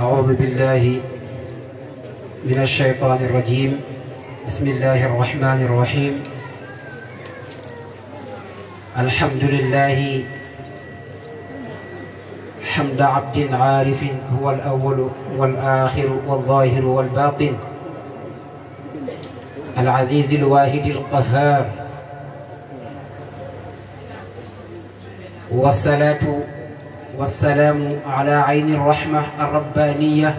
أعوذ بالله من الشيطان الرجيم بسم الله الرحمن الرحيم الحمد لله حمد عبد عارف هو الأول والآخر والظاهر والباطن العزيز الواهد القهار والصلاة والسلام على عين الرحمة الربانية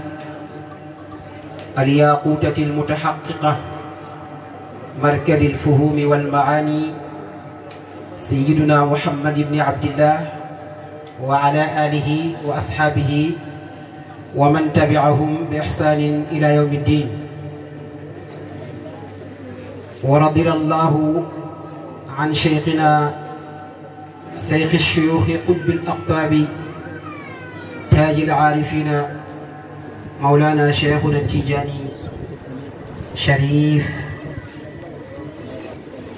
الياقوتة المتحققة مركز الفهوم والمعاني سيدنا محمد بن عبد الله وعلى آله وأصحابه ومن تبعهم بإحسان إلى يوم الدين ورضي الله عن شيخنا شيخ الشيوخ قطب الأقطاب تاج العارفين مولانا شيخنا التيجاني شريف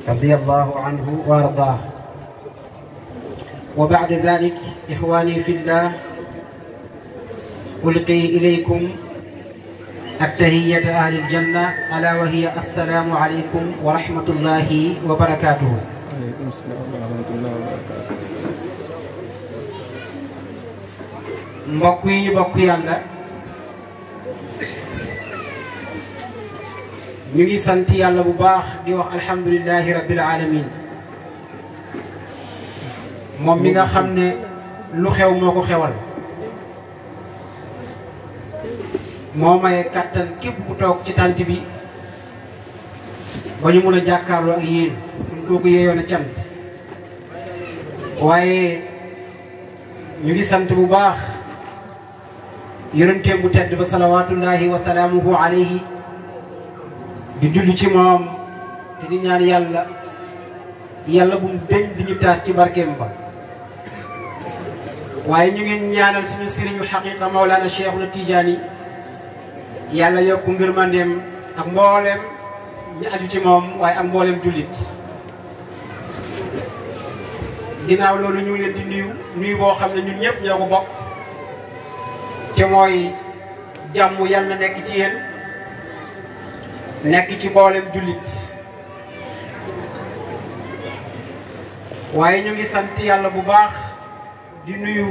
رضي الله عنه وارضاه وبعد ذلك إخواني في الله ألقي إليكم التهية أهل الجنة ألا وهي السلام عليكم ورحمة الله وبركاته عليكم السلام ورحمة الله وبركاته mbokk yi ñu bokk yàlla ñu ngi sant yàlla bu baax di wax alhamdulilahi rabbil alamin moom mi nga xam ne lu xew moo ko xewal moo maye kàttan képp ku toog ci tànt bi ba ñu mun a jàkkaarloo ak yéen kun kooku yeeyoon a cant waaye ñu ngi sant bu baax yonenteem bu tedd ba salawaatullahi wa salaamuhu alayhi di julli ci moom te di ñaan yàlla yàlla bu mu di ñu taas ci barkeem ba waaye ñu ngi ñaanal suñu sëriñu xaqiqa Maulana Cheikhuna Tijaani yàlla yokk ngërmandeem ak mboolem ñu aju ci moom waaye ak mboolem jullit ginnaaw loolu ñu ngi leen di nuyu nuyu boo xam ne ñu ñëpp ñoo ko bokk te moy jàmm yalla nek ci yeen nek ci bolem julit waye ñu ngi sant yalla bu baax di nuyu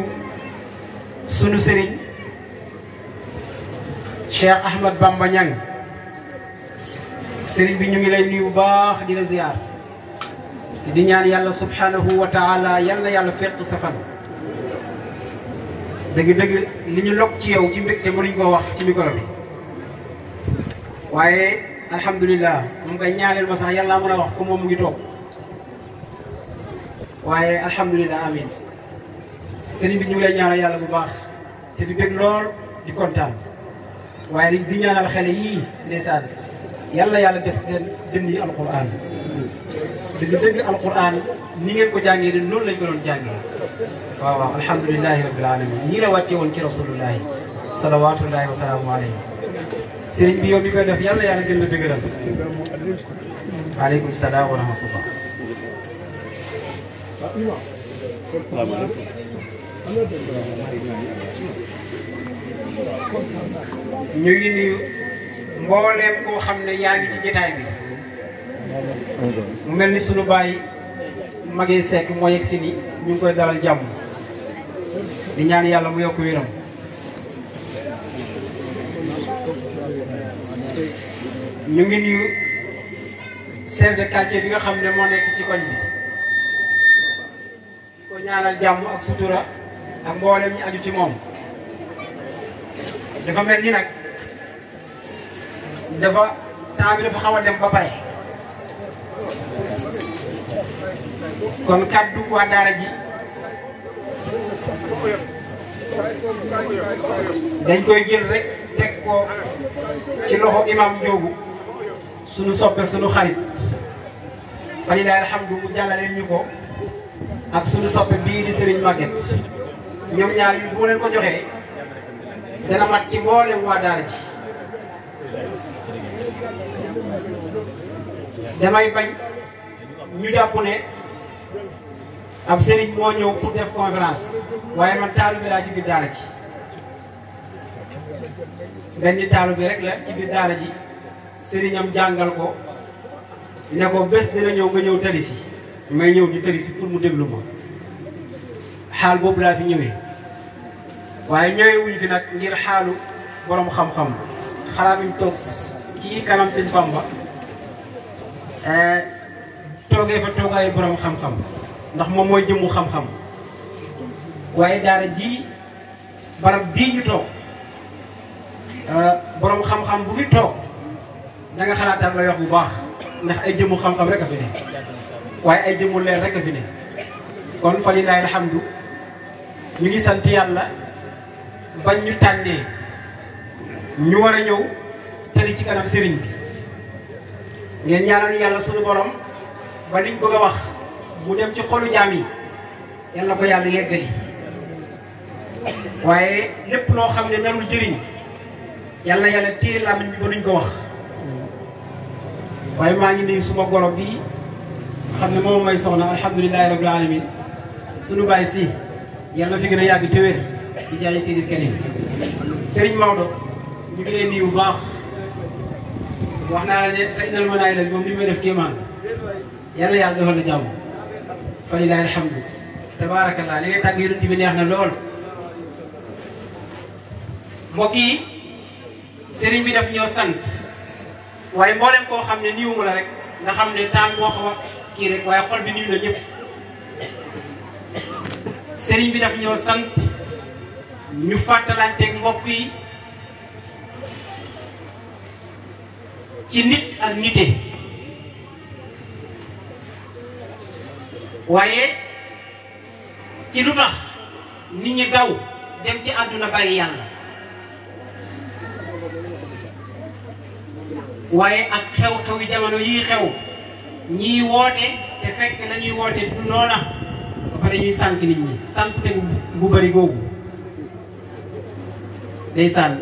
sunu sëriñ Cheikh Ahmad Bamba ñang sëriñ bi ñu ngi lay nuyu bu baax di la ziar di ñaan yalla subhanahu wa taala yalla yalla fekk sa dëgg-dëgg li ñu lokk ci yow ci mbégte mënuñ koo wax ci micro bi waaye alhamdulilah moom kay ñaaneel ma sax yàlla mën a wax ko moom mu ngi toog waaye alhamdulilah amin sëriñ bi ñu ngi lay yàlla bu baax te di bég lool di kontaan waaye di ñaanal xale yii ndeysaan yàlla yàlla def seen dënn yi alquran dëgg dëgg alquran ni ngeen ko jàngee de noonu lañ ko doon jàngee waaw waaw alhamdulilahi rabbil alamin nii la wàcce woon ci rasulullahi salawatullahi wa salaamu alayhi koy def yàlla yàlla gën la dëgëral aleykum salaam wa rahmatullah ñu ngi mbooleem koo xam ne yaa ngi ci jotaay bi mu mel ni sunu bàyyi magee sekk moo yegg si ni ñu ngi koy daral jàmm di ñaan yàlla mu yokk wéram ñu ngi nuyu chef de bi nga xam ne moo nekk ci koñ bi ko ñaanal jàmm ak sutura ak mboolem ñu aju ci moom dafa mel ni nag dafa temps bi dafa xaw a dem ba pare kon kàddu waa daara ji dañ koy jël rek teg ko ci loxo imam Ndiogu suñu soppe suñu xarit fan yi daal alhamdu mu jàllaleen ñu ko ak suñu soppe bii di Serigne Maguette ñoom ñaar yu bu ko joxee dana mat ci mboolem waa daara ji damay bañ ñu jàpp ne ab sëriñ moo ñëw pour def conférence waaye man taalu bi laa ci biir daara ji benn taalu bi rek la ci biir daara ji sëriñam jàngal ko ne ko bés dana ñëw nga ñëw tëri si may ñëw di tëri si pour mu déglu ko xaal boobu laa fi ñëwee waaye ñëwee wuñ fi nag ngir xaalu borom xam-xam xalaatuñ toog ci kanam sëñ Bamba eh, toogee fa toogaayu borom xam-xam ndax moom mooy jëmu xam-xam waaye daara ji barab bii ñu toog euh, boroom xam-xam bu fi toog da nga xalaataan la wax bu baax ndax ay jëmu xam-xam rek fi ne waaye ay jëmmu leer rek a fi ne kon fa xam alhamdu ñu ngi sant yàlla bañ ñu tànnee ñu war a ñëw tëri ci kanam sëriñ bi ngeen ñaanal yàlla sunu borom ba liñ bëgg a wax mu dem ci xolu jaam yi yal na ko yàlla yeggali waaye lépp loo xam ne narul jëriñ yal na yàlla téye làmmiñ bi ba duñ ko wax waaye maa ngi nii suma goro bi xam ne moom may soxna alhamdulilahi rabbil alamin suñu bàyyi si yal na fi gën a yàgg téwér di jaay Sidi Karim Serigne Maodo ñu ngi leen nii bu baax wax naa la ne sa inal manaay la moom li may def kéemaan yàlla yàlla defal la jàmm fa lillahi alhamdu tabaarakallah li ngay tàgg neex na lool mbokk yi sëriñ bi daf ñoo sant waaye mboolem koo xam ne niiwuma la rek nga xam ne taam moo xaw kii rek waaye xol bi niiw na ñëpp sëriñ bi daf ñoo sant ñu fàttalanteeg mbokk yi ci nit ak nite waaye ci lu tax nit ñi daw dem ci àdduna bàyyi yàlla waaye ak xew-xewi jamono yii xew ñiy woote te fekk nañuy woote du noona ba pare ñuy sànk nit ñi sànk te bu bëri googu seen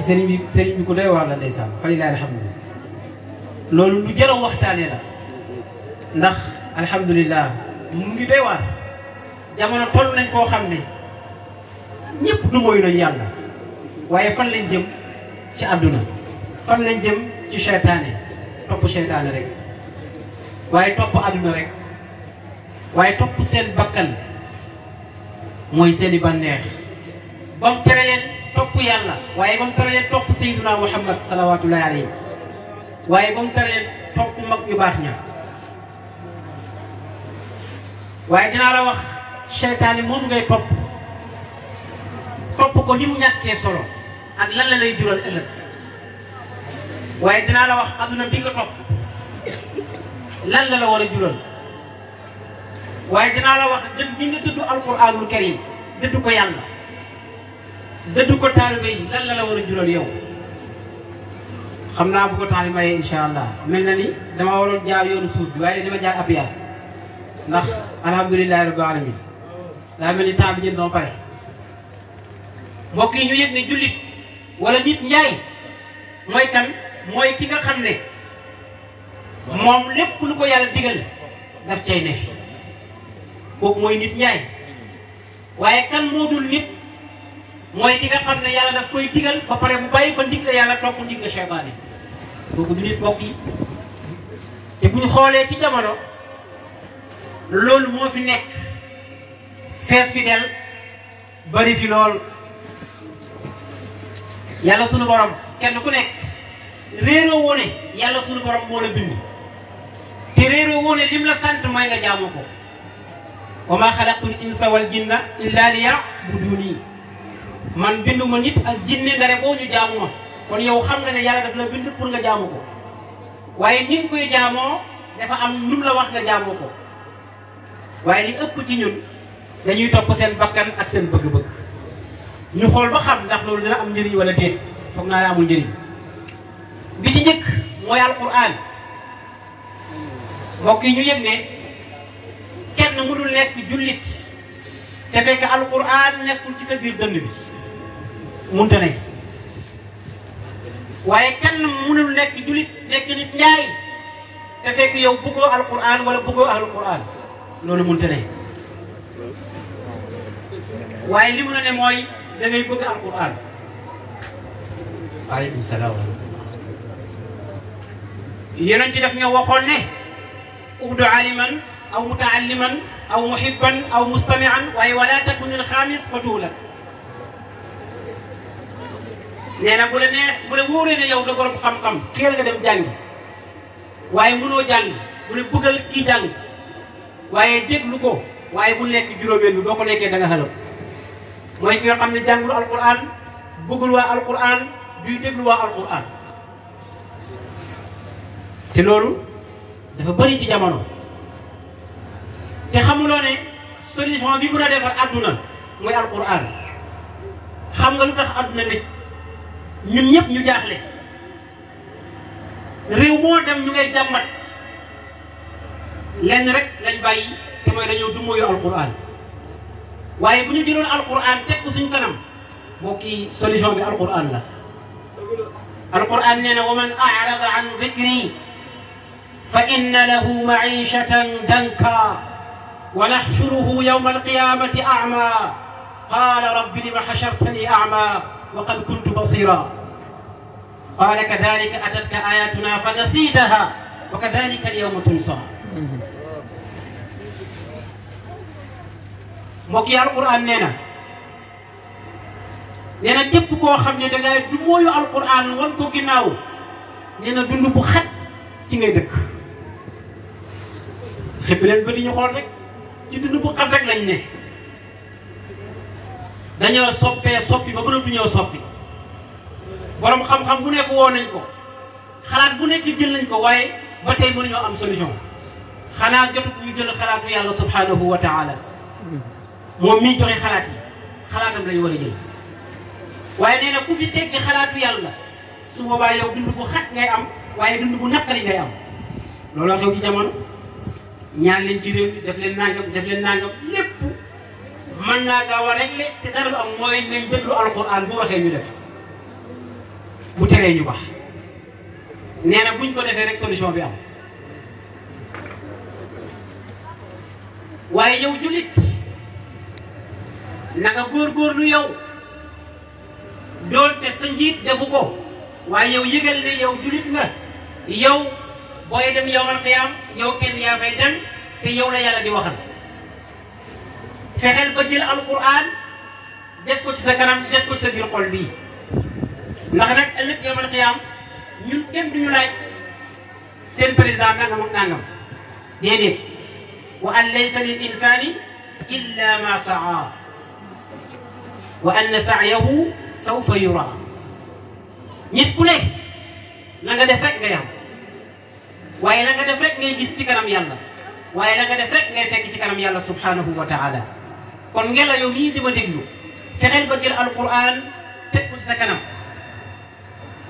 sëriñ bi sëriñ bi ko doy waar la ndeysaan fa lillahi alhamdu loolu lu jar a waxtaane la ndax alhamdulilah mu ngi doy waar jamono toll nañ foo xam ne ñëpp du mooy nañu yàlla waaye fan lañ jëm ci àdduna fan lañ jëm ci seytaane topp seytaane rek waaye topp àdduna rek waaye topp seen bakkan mooy seen i bànneex ba mu tere leen topp yàlla waaye ba mu tere leen topp sayyiduna muhammad salawaatullahi alayhi waaye ba mu tere leen topp mag ñu baax ña waaye dinaa la wax seytaane moom ngay topp topp ko ni mu ñàkkee solo ak lan la lay jural ëllëg waaye dinaa la wax adduna bi nga topp lan la la war a jural waaye dinaa la wax dëdd bi nga dëddu alquraanul karim dëddu ko yàlla dëddu yi lan la la war a jural yow xam naa bu ko temps bi mayee allah mel na ni dama waroon jaar yoonu suuf bi waaye dama jaar abiyaas ndax alhamdulilahi rabbil alamin daa mel ni temps bi ñun dama mbokk yi ñu yëg ne jullit wala nit njaay mooy kan mooy ki nga xam ne moom lépp lu ko yàlla digal daf cay ne kooku mooy nit njaay waaye kan moo dul nit mooy ki nga xam ne yàlla daf koy digal ba pare bàyyi fa ndig la yàlla topp ndig la seytaane kooku du nit mbokk yi te bu ñu xoolee ci jamono loolu moo fi nekk fees fi del bari fi lool yàlla sunu borom kenn ku nekk réeroo woone yàlla sunu borom moo la bind te réeroo woone lim la sant mooy nga jaamu ko wa ma xalaqtul insa wal jinna illa liya'buduni man bindu ma nit ak jinne dara boo ñu jaamu kon yow xam nga ne yàlla daf la bind pour nga jaamu ko waaye ni koy jaamoo dafa am num la wax nga jaamu ko waye li ëpp ci ñun dañuy top seen bakkan ak seen bëgg-bëgg ñu xol ba xam ndax loolu dina am njëriñ wala déet foog naa ne amul njëriñ bi ci njëkk mooy alquran mbokk yi ñu yëg ne kenn mënul nekk jullit te fekk alquran nekkul ci sa biir dënd bi munta ne waaye kenn mënul nekk julit nekk nit ñaay te fekk yow bëggoo alquran wala bëggoo alquran quran lolu mënta ne waye li mu ne moy da ngay bëgg am Qur'an. waaleykum salaam iya, wa ci def nga ñoo waxoon ne. ubdu aliman aw mutaalliman aw muhibban aw mustamian waaye wala takun al xaamis fa tuulak. bu la nee bu la wuré ne yow ya, da borom xam-xam. kër nga dem jang waye mëno jang bu la bëggal ki jang waaye déglu ko waaye bu lekk juróomeel bi boo ko lekkee da nga xalam mooy ki nga xam ne jàngul alquran bëggul waa alquran duy déglu waa alquran te loolu dafa bëri ci jamono te xamuloo ne solution bi mën a defar àdduna mooy alquran xam nga lu tax adduna nit ñun ñëpp ñu jaaxle réew moo dem ñu ngay jàmbat lenn rek lañ bàyyi te mooy dañoo dumóoyu alquran waaye bu ñu jëloon alquran teg ko suñ kanam moo kii solution bi alquran la alquran nee na wa man arada an dicri fa inna lahu maishatan danka wa naxshuruhu yawma alqiyamati ama qala rabbi lima xashartani ama wa qad kuntu basira qala kadalika atatka ayatuna fa nasitaha wa kadalika alyawma tunsa mbokk yi alquran nee na nee na képp koo xam ne dangay du mooyu alquran wan ko ginnaaw nee na dund bu xet ci ngay dëkk xëpp leen bëti ñu xool rek ci dund bu xat rek lañ ne dañoo soppee soppi ba mënatuñoo soppi borom xam-xam bu nekk woo nañ ko xalaat bu nekk jël nañ ko waaye ba tey mënuñoo am solution خلاط جت ميجون خلاط ويا الله سبحانه وتعالى موميجون خلاطي خلاط من يوري جل وين أنا كوفي تك خلاط ويا الله سو بابا يودن بكو خات غي أم وين بكو نكر غي أم لولا شو كي جمانو نيان لين جيرو دفلين نانجو دفلين نانجو لبو من نجا ورجل تدار أموي من جل القرآن بوا خير ملف بترين يبا نيان بقول كده في ركسون شو بيعمل waaye yow jullit góor góor góorgóorlu yow doonte sa njiit defu ko waaye yow yëgal ne yow jullit nga yow booy dem yow al qiyaam kenn yaa fay dem te yow la yàlla di waxal fexeel ba jël alquran def ko ci sa kanam def ko ci sa biir xol bii ndax nag ëllëg yow al qiyaam ñun kenn duñu laaj seen président nangam ak nangam déedéet وأن ليس للإنسان إلا ما سعى وأن سعيه سوف يرى نيت كوليك نغا ديف رك نيا واي لاغا ديف رك ني غيس تي كانام يالا واي لاغا ديف رك ني فيك تي كانام يالا سبحانه وتعالى كون نيلا يو مي ديما ديغلو فخيل باجيل القران تيكو سي كانام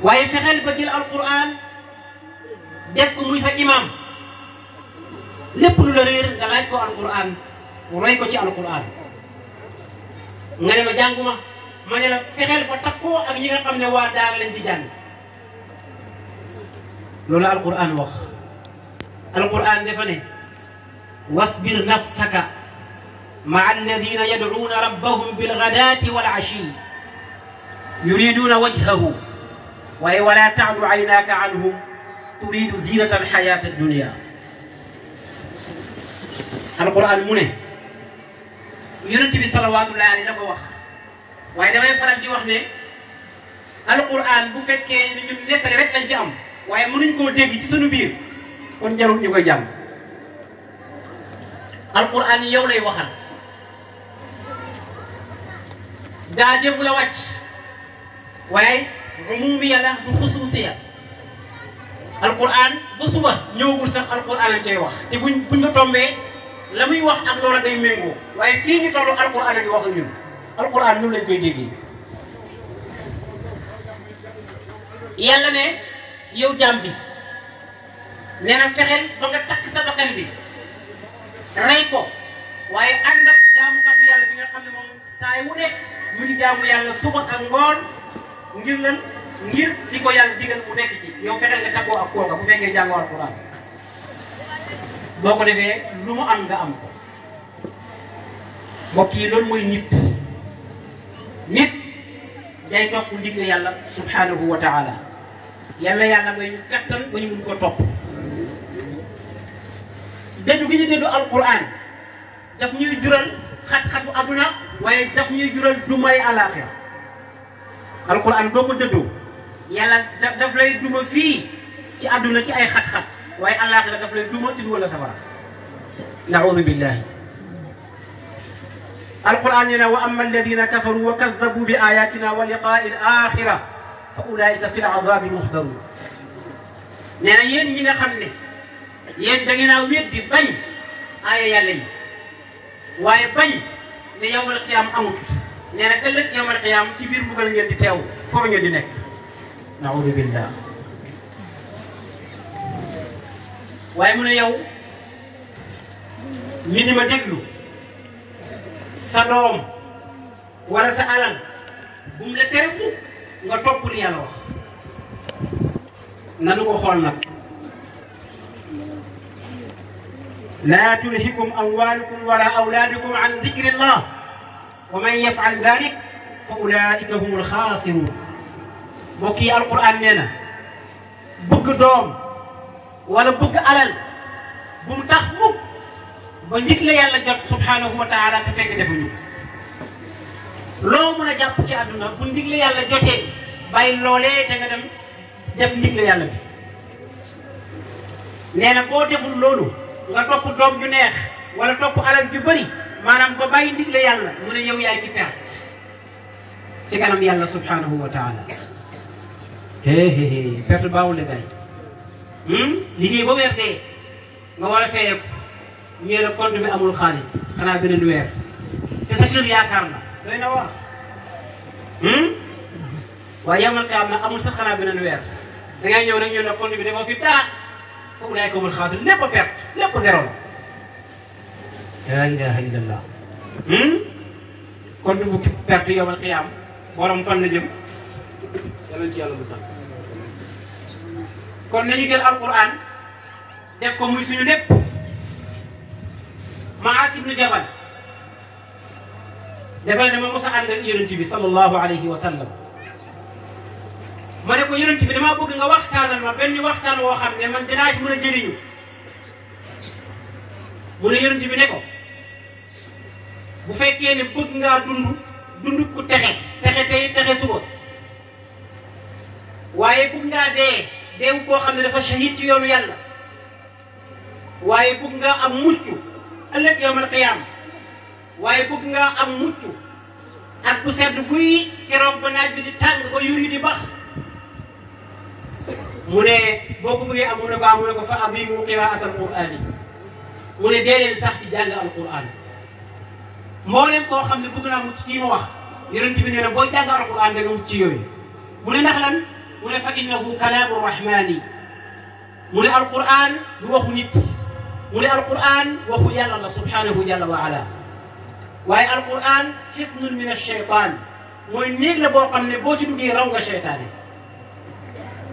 واي فخيل باجيل القران lépp lu la réer nga laaj ko alquran roy ko ci alquran nga ne ma jànguma ma ne la fexeel ba takkoo ak ñi nga xam ne waa daara leen di jàng loolu alquran wax alquran dafa ne wasbir nafsaka maa alladina yadcuuna rabbahum bilgadaati walashi yuriduuna wajhahu waaye wala tacdu caynaaka canhum turidu zinata alxayaat addunia alquran mu ne yonent bi salawaatullahi alayhi la ko wax waaye damay faral di wax ne alquran bu fekkee ñun nettali rek lañ ci am waaye mënuñ ko dégg ci sunu biir kon jarul ñu koy jàng alquran yow lay waxal daa démb la wàcc waaye umumiya la du xusuusiya alquran ba suba ñëwagul sax alquran lañ cay wax te buñ buñ ko tombee lamuy wax ak loola day mengo waye fi ñu toll alquran di wax ak ñun alquran ñu lañ koy déggé yalla né yow jambi néna fexel ba nga tak sa bakkan bi ray ko waye ànd ak kat yalla bi nga xam mom say wu nek mu ngi jamu yalla suba ak ngor ngir lan ngir diko yalla digal bu nek ci yow fexel nga takko ak ko nga bu fekkee jàngoo alquran boo ko defee lu mu am nga am ko mbokk yi loolu mooy nit nit day topp ndigal yàlla subhanahu wa taala yàlla yàlla mooy kattan ba ñu mun ko topp dëddu gi ñu dëddu alquran daf ñuy jural xat-xatu aduna waaye daf ñuy jural dumay alaxira alquran boo ko dëddoo yàlla daf lay duma fii ci aduna ci ay xat-xat واي الله خلاك فلان دومان تدو ولا سبارة نعوذ بالله القرآن ينا وأما الذين كفروا وكذبوا بآياتنا ولقاء الآخرة فأولئك في العذاب محضرون نانا ين ينا خمني ين دنينا ويد بي آية يلي واي بي نيوم القيام أموت نانا قلت يوم القيام تبير مغلين تتاو فرن يدنك نعوذ بالله waye mu ne yow li di ma déglu sa dom wala sa alal bu mu la tere mukk nga top li yàlla wax nanu ko xol nak la tulhikum amwalukum wala awladukum an zikrillah wa man yafal dalik fa ulaika humul xaasiruun mbokk yi alquran nee na bëgg wala bëgg alal bu mu tax mukk ba ndig yàlla jot subhanahu wa taala te fekk defuñu loo mën a jàpp ci àdduna bu ndig yàlla jotee bàyyi loolee da nga dem def ndig yàlla bi nee boo deful loolu nga topp doom ju neex wala topp alal ju bëri maanaam ba bay ndig yàlla mu ne yow yaay ci perte ci kanam yàlla subhanahu wa taala hee hee perte baawul la gay Hmm? liggéey ba weer dee nga war a fayee ñu ne compte bi amul xaalis xanaa beneen weer te sa kër yaakaar na doy na war hmm? waaye yamal ka am na amul sax xanaa beneen weer da ngay ñëw nag ñu ne compte bi dafa fi dara foofu laay ko mën xaalis lépp a perte lépp zéro la laa ilaha illallah hmm? compte bu perte yomal xiyaam borom fan la jëm kon nañu jël alquran def ko muy suñu lépp maas ibn jabal defal ne dama musa a ak yaronte bi sallallahu alayhi wa sallam mané ne ko yaronte bi dama bëgg nga waxtaanal ma benn waxtaan wo xamné ne man dina ci mëna jëriñu mu ne yaronte bi ne ko bu fekkee ne bëgg ngaa dund dund ku texe texe tey texe suba waaye bëgg ngaa dee deewu koo xam ne dafa shahid ci yoonu yàlla waaye bëgg nga am mucc ëllëg yawmal qiyaam waaye bëgg nga am mucc ak bu sedd guy keroog ba naaj bi di tàng ba yuur di bax mu ne boo ko bëggee am mu ne ko am mu ne ko fa adimu qiraat al quraan yi mu ne dee leen sax al quraan mbooleem koo xam ne bëgg naa mucc ci ma wax yonent bi nee na boo jàng al quraan da nga ci yooyu mu ne mune fa innahu kalamur rahmani mune alquran du waxu nit mune alquran waxu yalla allah subhanahu jalla wa ala waye alquran hisnun min ash-shaytan moy neeg la bo xamne bo ci duggé raw nga shaytané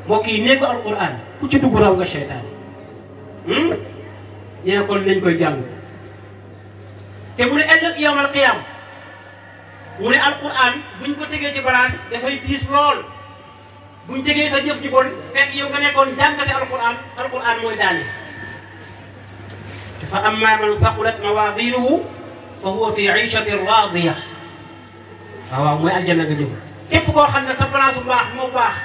mbokk yi néegu alquran ku ci duggu raw nga shaytané hmm ñe ko lañ koy jang té mune ne yawmal qiyam mune alquran buñ ko tegee ci balance fay diis lol buñ jegee sa jëf ji bon fék yow nga nékkon jànkate alquran alquran moy daane fa amma man thaqulat mawaadinuhu fa huwa fi ishatin raadiya waaw moy mooy aljanna nga jëm képp ko xamné sa place bu baax mo baax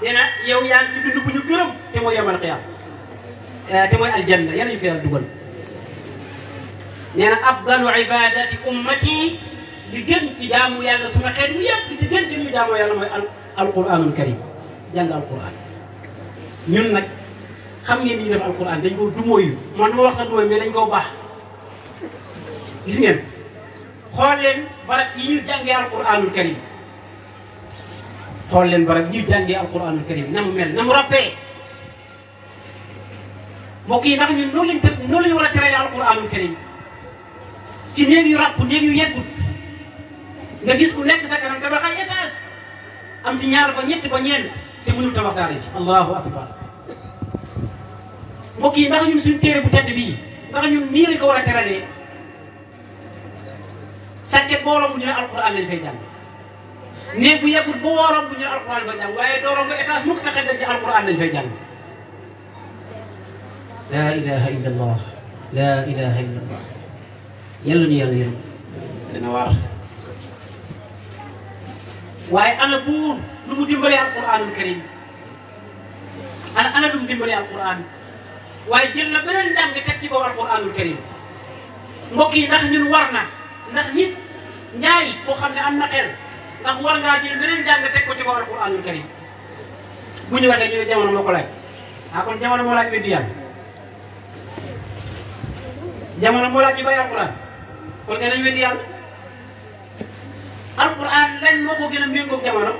dina yow yaa ci dund buñu gëreum té moy yamal qiyam euh té moy aljanna yàlla ñu fiyal duggal dugal afdalu ibadati ummati di gën ci jaamu yalla suma xéet mu yépp li ci gën ci ñu jaamu yalla moy alquranul karim jàng alquran ñun nak xam ngeen ni def alquran dañ du moy man dama wax moy dumóoyu mais dañ koo gis ngeen xol leen barab yi ñu jàngee alquranul karim xol leen barab yi ñu jàngee alquranul karim nam mel nam rappé rappee mbokk yi ndax ñun no lañ tëdd lañ wara téré alquranul karim ci neeg yu rap neeg yu yeggut nga gis ku nekk sa kanam tabaxal étage am ci ñaar ba ñett ba ñent te mënul tabax daara ji allahu akbar mbokk yi ndax ñun suñu téere bu tedd bii ndax ñun nii lañ ko war a teralee sàkket boo romb ñu ne alquran lañ fay jàng néeg bu yeggul boo romb ñu ne alquran lañ fay jàng waaye doo romb étage mukk sa xel dañ ne alquran lañ fay jàng laa ilaha illa allah laa ilaha illa allah yàlla ñu yàlla yërëm dana waar waaye ana buur lu mu dimbalee alquranul karim ana waaye jël na beneen njàng teg ci kaw alquranul karim mbokk yi ndax ñun war na ndax nit njaay koo xam ne am na xel ndax war ngaa jël beneen njàng teg ko ci kaw alquranul karim bu ñu waxee ñu ne jamono moo ko laaj ah kon jamono moo laaj weddi yàlla jamono moo laaj ñu bàyyi alquran kon nga dañ weddi yàlla alquran lañ moo ko gën a méngoo jamono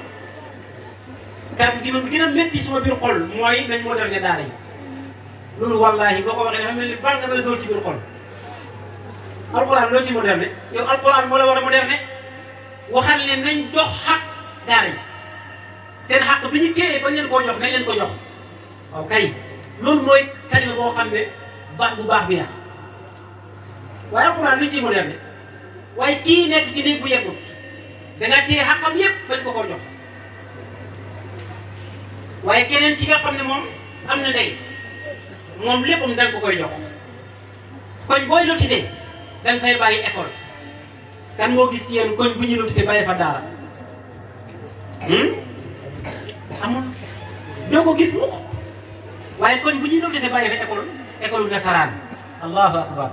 gàtt gi man gën a métti suma biir xol mooy nañ moderne daara loolu wallaahi boo ko waxee dafa mel ni bal nga may dóor ci biir xol alquran loo ci moderne yow alquran moo leen nañ jox xaq daara seen xaq bi ñu téye ba ngeen koo jox nañ leen ko jox waaw loolu mooy kalima boo xam ne baat bu baax bi la waaye alquran luñ ci moderne waaye kii nekk ci néeg bu yeggut da nga téye xaqam yépp bañ ko ko jox waaye keneen ki nga xam ne moom am na ndey moom léppam da nga ko koy jox koñ booy lotise dañ nga fay bàyyi école kan moo gis ci yéen koñ bu ñuy lotise bàyyi fa daara hmm? amul doo ko gis mukk waaye koñ bu ñuy lotise bàyyi fa école école nasaraan allahu akbar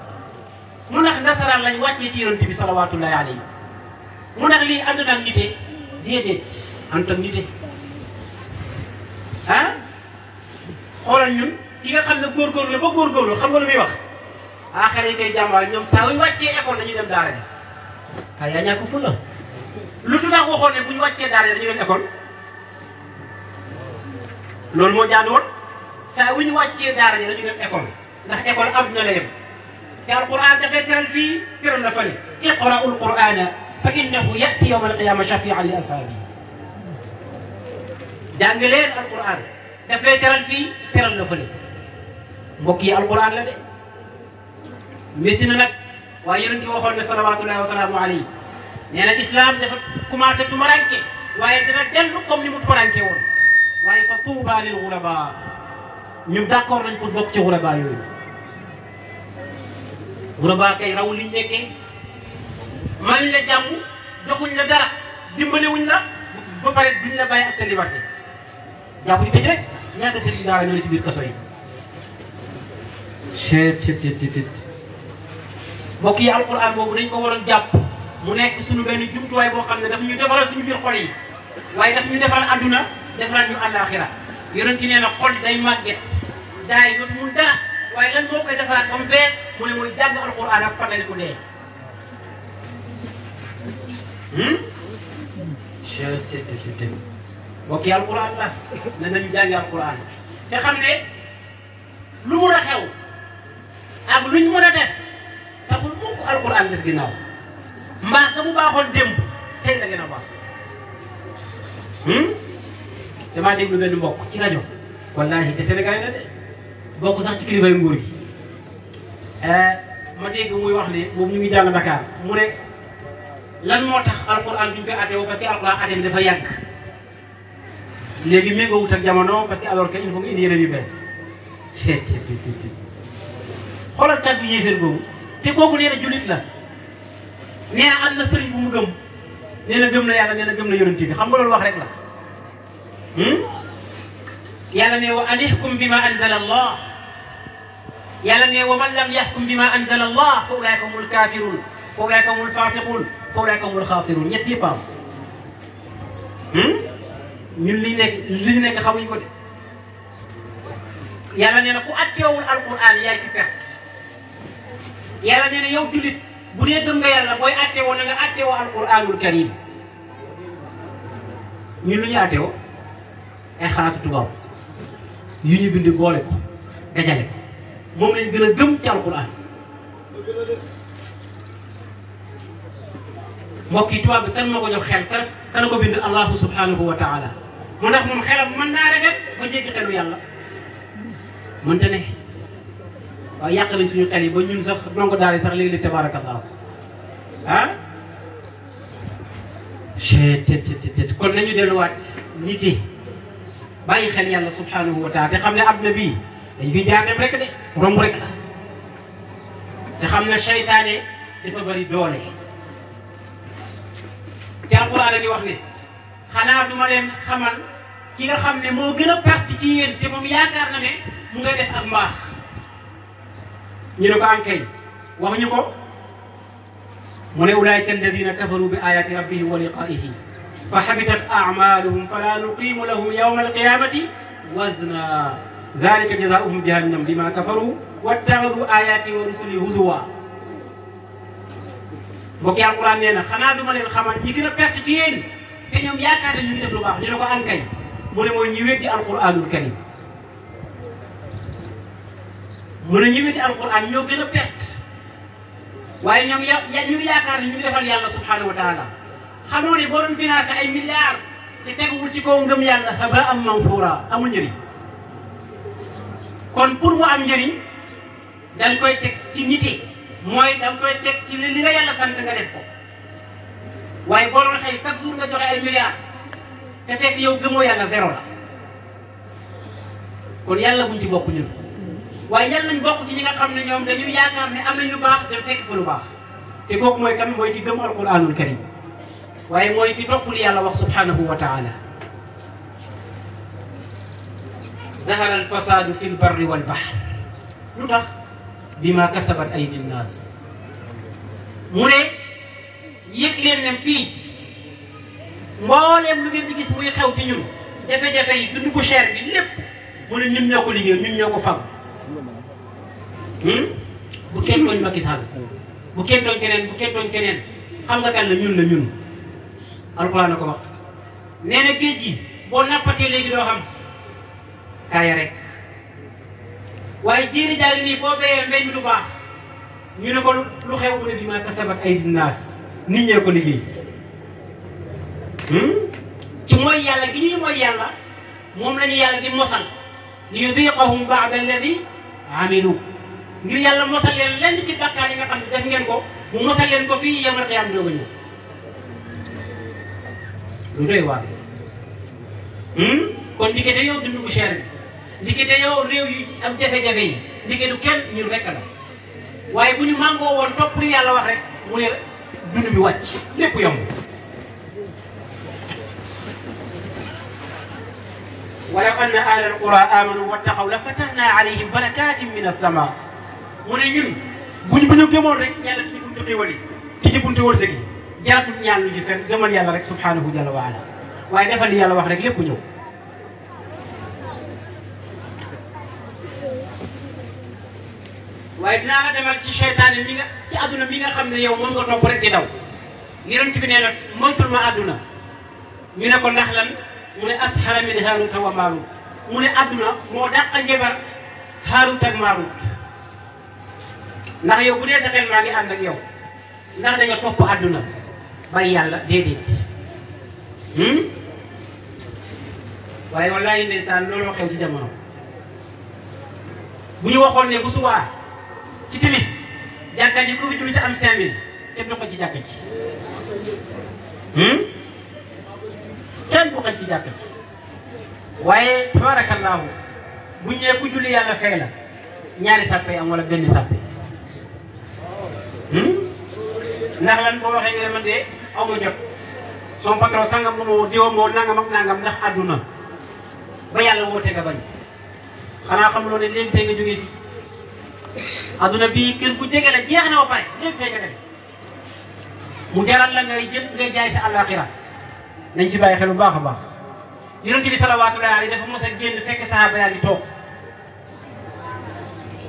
mu ndax nasaraan lañ wàccee ci yonent bi salawaatullahi alayhi mu nag lii ànd naag nite déedéet ànd ak nite ah xoolal ñun ki nga xam ne góorgóorlu la ba góorgóorlu xam nga lu muy wax ah xale yi koy jàmbaar ñoom saa yu wàccee école dañuy dem daara ja waaye yaa ñàkk ful la lu du tax waxoon ne bu ñu wàccee daara dañu leen école loolu moo jaadu woon saa wu ñu wàccee daara dañu leen école ndax école am na la yem te alquran dafay teral fii teral na fële iqraul qurana فإنه يأتي يوم القيامة شفيعا لأصحابه جانجلين القرآن دفلي ترى في ترى لفلي مكي القرآن لدي متنك ويرنك وخلنا صلوات الله وسلام عليه نحن الإسلام دفت كما سبتم رنك ويرنا دلكم نمت رنك ون ويفطوبا للغرباء نمت أكبر نمت بكت غرباء يوين غرباء كي رولي نكي mayuñ la jàmm joxuñ la dara dimbalewuñ la ba pare duñ la bàyyi ak sa liberté jàpp ci tëj rek ci biir kaso yi. cheet cheet cheet cheet mbokk yi alquran boobu dañ ko waroon jàpp mu nekk suñu benn jumtuwaay boo xam ne daf ñu defaral suñu biir xol yi waaye daf ñu defal adduna defaraat ñu àllaaxira yonent nee na xol day màgget daay dootu mun dara waaye lan moo koy defaraat ba mu bees mu ne mooy jàng alquran ak fàttali ko dee. tt të bokki alquran la ne nañu jàngi alquran te xam ne lu mun a xew ak luñ mën a def taxul mukk alquran mu baaxoon démb tey la gën a baax hmm? damaa déglu benn mbokk ci rajo wallaahi te sénégalais la de bokk sax ci kilifay nguur gi eh, ma dégg muy wax ne moom ñu ngi jàll Dakar mu ne lan moo tax alquran duñ koy àtteewoo parce que alquran àtte bi dafa yàgg léegi méngoo wut ak jamono parce que alors que il faut nga indi yeneen yu bes seet seet seet xoolal kat bi yéeféer boobu te kooku nee na jullit la nee na am na sëriñ gëm nee na gëm na yàlla nee na gëm na yonent bi xam nga loolu wax rek la hmm? yàlla ne wa an ihkum bima anzala allah yàlla ne wa man lam yahkum bima anzala allah fa ulaika humul kafirun fa fa ulaa'ika humul xaasiruun ñett yëpp am hmm? ñun lii nekk lii nekk xamuñ ko de yàlla nee na ku atteewul alquran yaay ci perte yàlla nee na yow jullit bu dee gëm nga yàlla booy atteewoo na nga atteewoo alquranul karim ñun lu ñu atteewoo ay xalaatu tubaab yu ñu bind boole ko dajale ko moom lañ gën a gëm ci alquran mbokk yi tubaab bi kan moo ko jox xel kan kan ko bind allahu subhanahu wa taala mu ndax moom xelam mën naa rek ba jéggi xelu yàlla mënta ne waaye yàq nañ suñu xel yi ba ñun sax dongo daal sax léegi-léeg tabaarakallah ah chet chet chet kon nañu delluwaat nit yi bàyyi xel yàlla subhanahu wa taala te xam ne adduna bii dañ fi jaar dem rek de romb rek la te xam ne seytaane dafa bari doole القرآن دي واخني خنا دوما لين خمال كيغا خامني مو غينا بارتي تي يين تي موم ياكار ناني مو غاي ديف اك ماخ ني نوكو انكاي واخ نيكو من اولئك الذين كفروا بايات ربهم ولقائه فحبطت اعمالهم فلا نقيم لهم يوم القيامه وزنا ذلك جزاؤهم جهنم بما كفروا واتخذوا اياتي ورسلي هزوا bokki alquran nee na xanaa duma leen xamal ñi gën a perte ci yéen te ñoom yaakaar nañ ñu ngi def lu baax ñu ne ko ankay mu ne mooy ñi weddi alquranul karim mu ne ñi weddi alquran ñoo gën a perte waaye ñoom ñu yaakaar ne ñu defal yàlla subhanahu wa taala xamoo ne boo doon financé ay milliards te teguwul ci kaw ngëm yàlla haba am manfuura amul njëriñ kon pour mu am njëriñ dañ koy teg ci nite mooy da nga koy teg ci li nga yàlla sant ko waaye boo doon xëy chaque nga joxe ay milliards te fekk yow gëmoo yàlla zéro la kon yàlla buñ ci bokk ñun waaye yàlla nañ bokk ci xam ne ñoom dañuy am nañ lu baax dem fekk fa lu baax te kooku mooy kan mooy di gëm alquranul karim waaye mooy di topp li yàlla wax subhanahu wa taala zahara alfasadu fi lbarri walbahr lu tax bi ma ay aydi mu ne yëg leen ne fii mbooleem lu ngeen di gis muy xew ci ñun jafe-jafe yi dund ko cher bi lépp mu ne ñun ñoo ko liggéey ñun ñoo ko fam hmm? bu kenn tooñ Macky Sall bu kenn tooñ keneen bu kenn tooñ keneen xam nga kan la ñun la ñun alxuraan na ko wax nee na géej gi boo nappatee léegi doo xam kaaya rek waaye jiiri jaari nii boo béyee mbéy mi du baax ñu ne ko lu xew mu ne bi maa kasabat ay dinaas nit ñee ko liggéey hmm? ci mooy yàlla gi ñuy mooy yàlla moom la yàlla di mosal li yudiqahum baada alladi amilu ngir yàlla mosal leen lenn ci bàkkaar yi nga xam ne ngeen ko mu mosal leen ko fii yemal xiyaam doog a ñëw lu doy waar hmm? kon diggante yow dund bu cher bi ndikete yow réew yu am jafe-jafe yi ndike du kenn ñun rekk la waaye bu ñu màngoo woon topp li yàlla wax rek mu ne dund bi wàcc lépp yomb walaw anna ahlal qura amanu wattaqaw la fatahna alayhim barakatin min as-sama mu ne ñun buñ bu ñu gëmoon rek yàlla tijji buntu xéwal yi tijji buntu wërsëg yi jaratul ñaan lu ji fenn gëmal yàlla rek subhanahu jalla wa ala waaye defal li yàlla wax rek lépp ñëw waaye dinaa la demal ci seytaane mi nga ci àdduna mi nga xam ne yow moom nga topp rek di daw yonent bi nee na moytul ma àdduna ñu ne ko ndax lan mu ne as xaramin haaruta wa maaruut mu ne àdduna moo dàq njabar haaruut ak maaruut ndax yow bu dee sa xel maa ngi ànd ak yow ndax dañoo topp àdduna bàyyi yàlla déedéet waaye wallaahi ndeysaan looloo xew ci jamono bu ñu waxoon ne bu subaa ci timis jàkka ji ku fi julli ci am 5000 kenn du ko ci jàkka ji hmm? kenn du ko ci jàkka ji waaye tabaarakallaahu buñ nee ku julli yàlla fay la ñaari sàppe am wala benn sàppe hmm? ndax lan boo waxee nga man de aw ma jot son patron sangam lu ma woo diwa ma woo nangam ak nangam ndax àdduna ba yàlla wootee nga bañ xanaa xam loo ne léegi nga jógee fii adduna bii kër bu jege la jeex na ba pare lépp fekk na mu jaral la ngay jëm ngay jaay sa àllaaxira nañ ci bàyyi xel bu baax a baax yonent bi salawaatullaahi alayhi dafa mos a génn fekk sahaaba yaa yi toog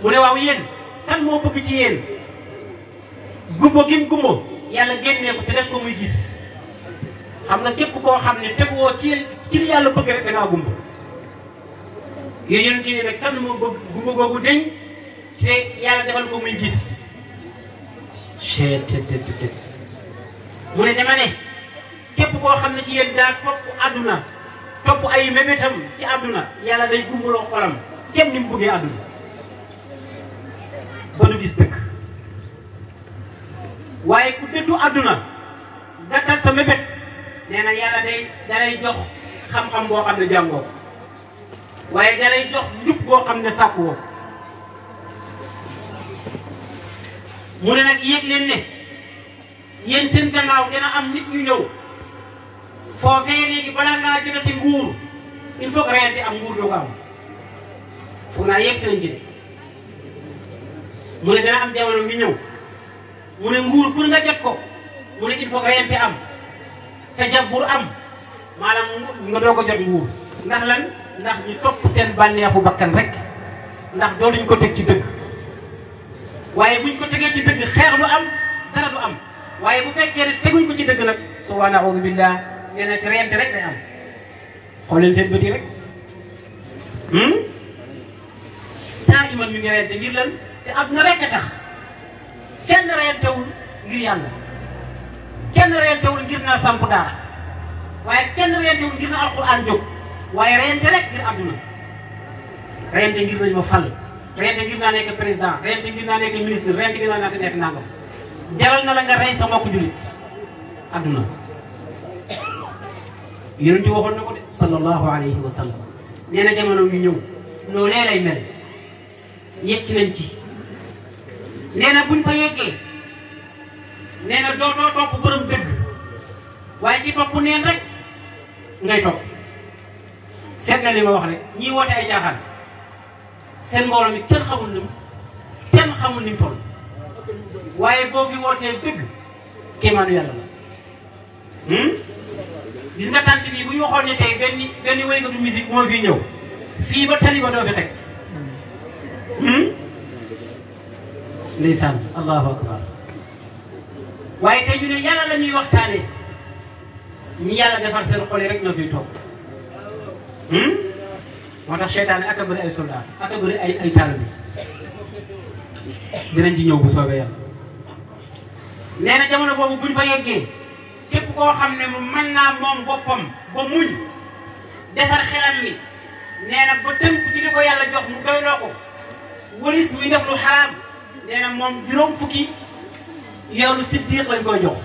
mu ne waaw yéen kan moo bëgg ci yéen gumbo gim gumbo yàlla génnee ko te def ko muy gis xam nga képp koo xam ne teguwoo ci ci li yàlla bëgg rek da ngaa gumbo yooyu yonent bi ne kan moo bëgg gumbo googu deñ te yàlla defal ko muy gis mu ne dama ne képp koo xam ne ci yéen daal topp àdduna topp ay mébétam ci àdduna yàlla day gumbaloo xolam kenn ni mu bëggee àdduna ba du gis dëkk waaye ku dëddu àdduna gàttal sa mébét nee na yàlla day dalay jox xam-xam boo xam ne jàngoo waaye dalay jox njub boo xam ne sàkkuwoo mu ne nag yéeg leen ne yéen seen gannaaw dina am nit ñu ñëw foofee léegi balaa ngaa jotati nguur il faut que reyante am nguur doo ko am foog naa yéeg seen ci de mu ne dana am jamono mi ñëw mu ne nguur pour nga jot ko mu ne il faut que reyante am te jabbur am maanaam nga doo ko jot nguur ndax lan ndax ñu topp seen bànneexu bakkan rek ndax dootuñ ko teg ci dëgg waaye buñ ko tegee ci dëgg xeex du am dara du am waaye bu fekkee ne teguñ ko ci dëgg nag su waa naaudu billah nee na ci reyante rek day am xool seen bët yi rek hmm? daa iman ñu ngi reyante ngir lan te àdduna rek a tax kenn reyantewul ngir yàlla kenn reyantewul ngir naa samp daara waaye kenn reyantewul ngir na alquran jóg waaye reyante rek ngir àdduna reyante ngir nañ ma fal rente ngir naa nekk président rente ngir naa nekk ministre rente ngir naa nekk nangam jaral na la nga rey sa mbokku jullit adduna yéen ci waxoon na ko de sallallahu alayhi wa sallam nee jamono ñu ñëw noo lee lay mel yegg ci nañ ci nee na buñ fa yeggee nee na doo doo topp dëgg waaye ci topp neen rek ngay topp seet na li ma wax rek ñii woote ay caaxaan sen borom mi kenn xamul ni kenn xamul ni tol waye bo boo fi wootee dëgg kéemaanu yàlla la. gis nga tànt bi bu ñu waxoon ne tey benn benn du musique mo fi ñëw fi ba tali ba do fi tek hmm ndeysaan allahu akbar waye tay ñu ne yàlla la ñuy waxtane ñi yàlla defal seen xol rek ñoo tok hmm moo tax seytaane ak a bëri ay soldat ak bëri ay ay taalibe dinañ ci ñëw bu soobee yàlla. nee jamono boobu buñ fa yeggee képp koo xam ne mën naa moom boppam ba muñ defar xelam mi nee ba tënku ci li ko yàlla jox mu doyloo ko wëlis muy def lu xaraam nee moom juróom fukki yoonu siddiq lañ koy jox.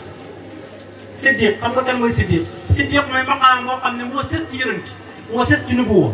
siddiq xam nga kan mooy siddiq siddiq mooy maqaam boo xam ne moo sës ci yonent moo sës ci nubuwa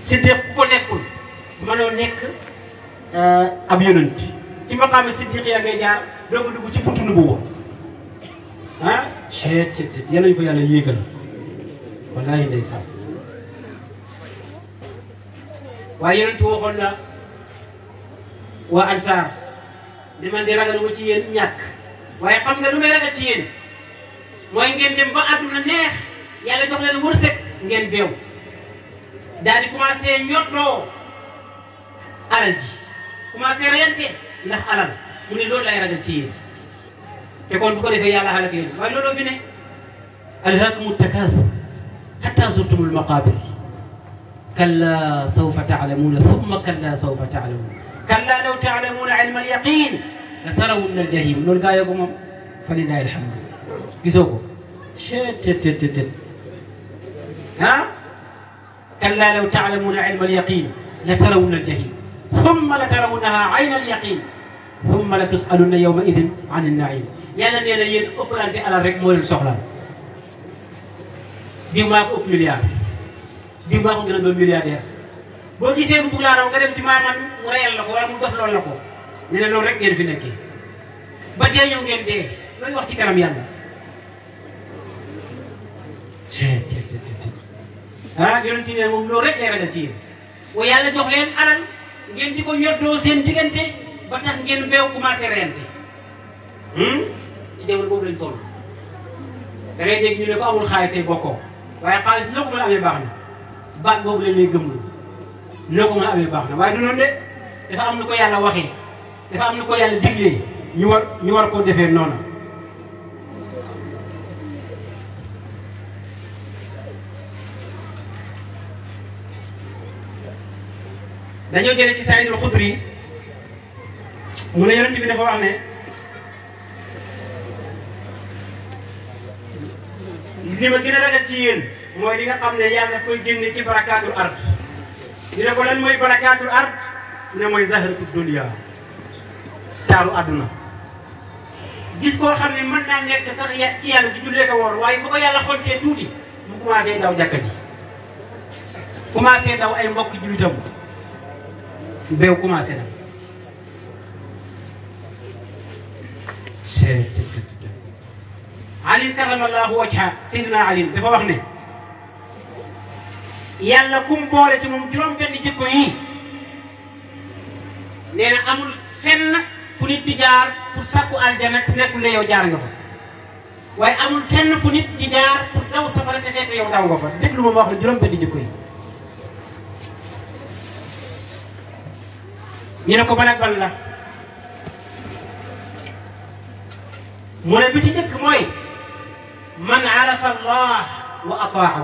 siddiq ku ko nekkul mënoo nekk euh, ab yonent ci maqaama siddiq a ngay jaar doo ko dugg ci buntu nubuwa ah ceet ceet yal nañu fa yàlla yéegal wallaahi ndeysaan waaye yonent waxoon na li man di ragaluma ci yéen ñàkk waaye xam nga lu may ragal ci yéen mooy ngeen dem ba àdduna neex yàlla jox leen wërsëg ngeen beew daal di commencé ñoddoo alal ji commencé reyante ndax alal mu ne loolu lay ragal ci yéen te kon bu ko defee yàlla xalak yéen waaye looloo fi ne alhaakumu takaasur hatta zurtumul maqaabir kalla sawfa taalamuuna thumma kalla sawfa taalamuun kalla law taalamuuna ilma alyaqin la tarawunna aljahim loolu gaa yogu moom fa lillahi alhamdu gisoo ko chet chet chet ah كلا لو تعلمون علم اليقين لترون الجهيم ثم لترونها عين اليقين ثم لتسألن يومئذ عن النعيم يلا يلا يلا أقول أنت على رك مول سهلة بيما أقول مليار بيما أقول جنود ملياردير بودي سيف بقول أنا وقدم تمام مريال لكو أنا مدخل لون لكو يلا لون رك ين في نكى بدي أيون ين ده لو يوقف تكلم يلا شيء ah yonent yi neen moom loolu rek lay ragal ci yéen wa yàlla jox leen alal ngeen di ko ñoddoo seen diggante ba tax ngeen beew commencé reyante hmm? ci jamono boobu lañ toll da ngay dégg ñu ne ko amul xaalis tey bokkoo waaye xaalis noo ko mën a amee baax na baat boobu la lay gëm noo ko mën a amee baax na waaye du noonu de dafa am lu ko yàlla waxee dafa am lu ko yàlla diglee ñu war ñu war koo defee noonu dañoo jële ci Sayyidul Xudri mu ne yonent bi dafa wax ne li ma gën a ragal ci mooy li nga xam ne yàlla daf génne ci barakaatul ard ñu ne ko lan mooy barakaatul ard ne mooy zahratu dunya taaru àdduna gis koo xam ne mën naa nekk sax ci yàlla di jullee ko woor waaye bu ko yàlla xoltee tuuti mu commencé daw jàkka ji commencé daw ay mbokk jullitam bew commencé na alim karamallahu wajha seydina alim dafa wax ne yàlla kum boole ci moom juróom benn jikko yi nee na amul fenn fu nit di jaar pour sàkku aljana te nekkul ne yow jaar nga fa waaye amul fenn fu nit di jaar pour daw safara te fekk yow daw nga fa déglu ma ma wax ne juróom benn jikko yi ñu ne ko ban ak la mu ne bi ci njëkk mooy man arafa allah wa ataahu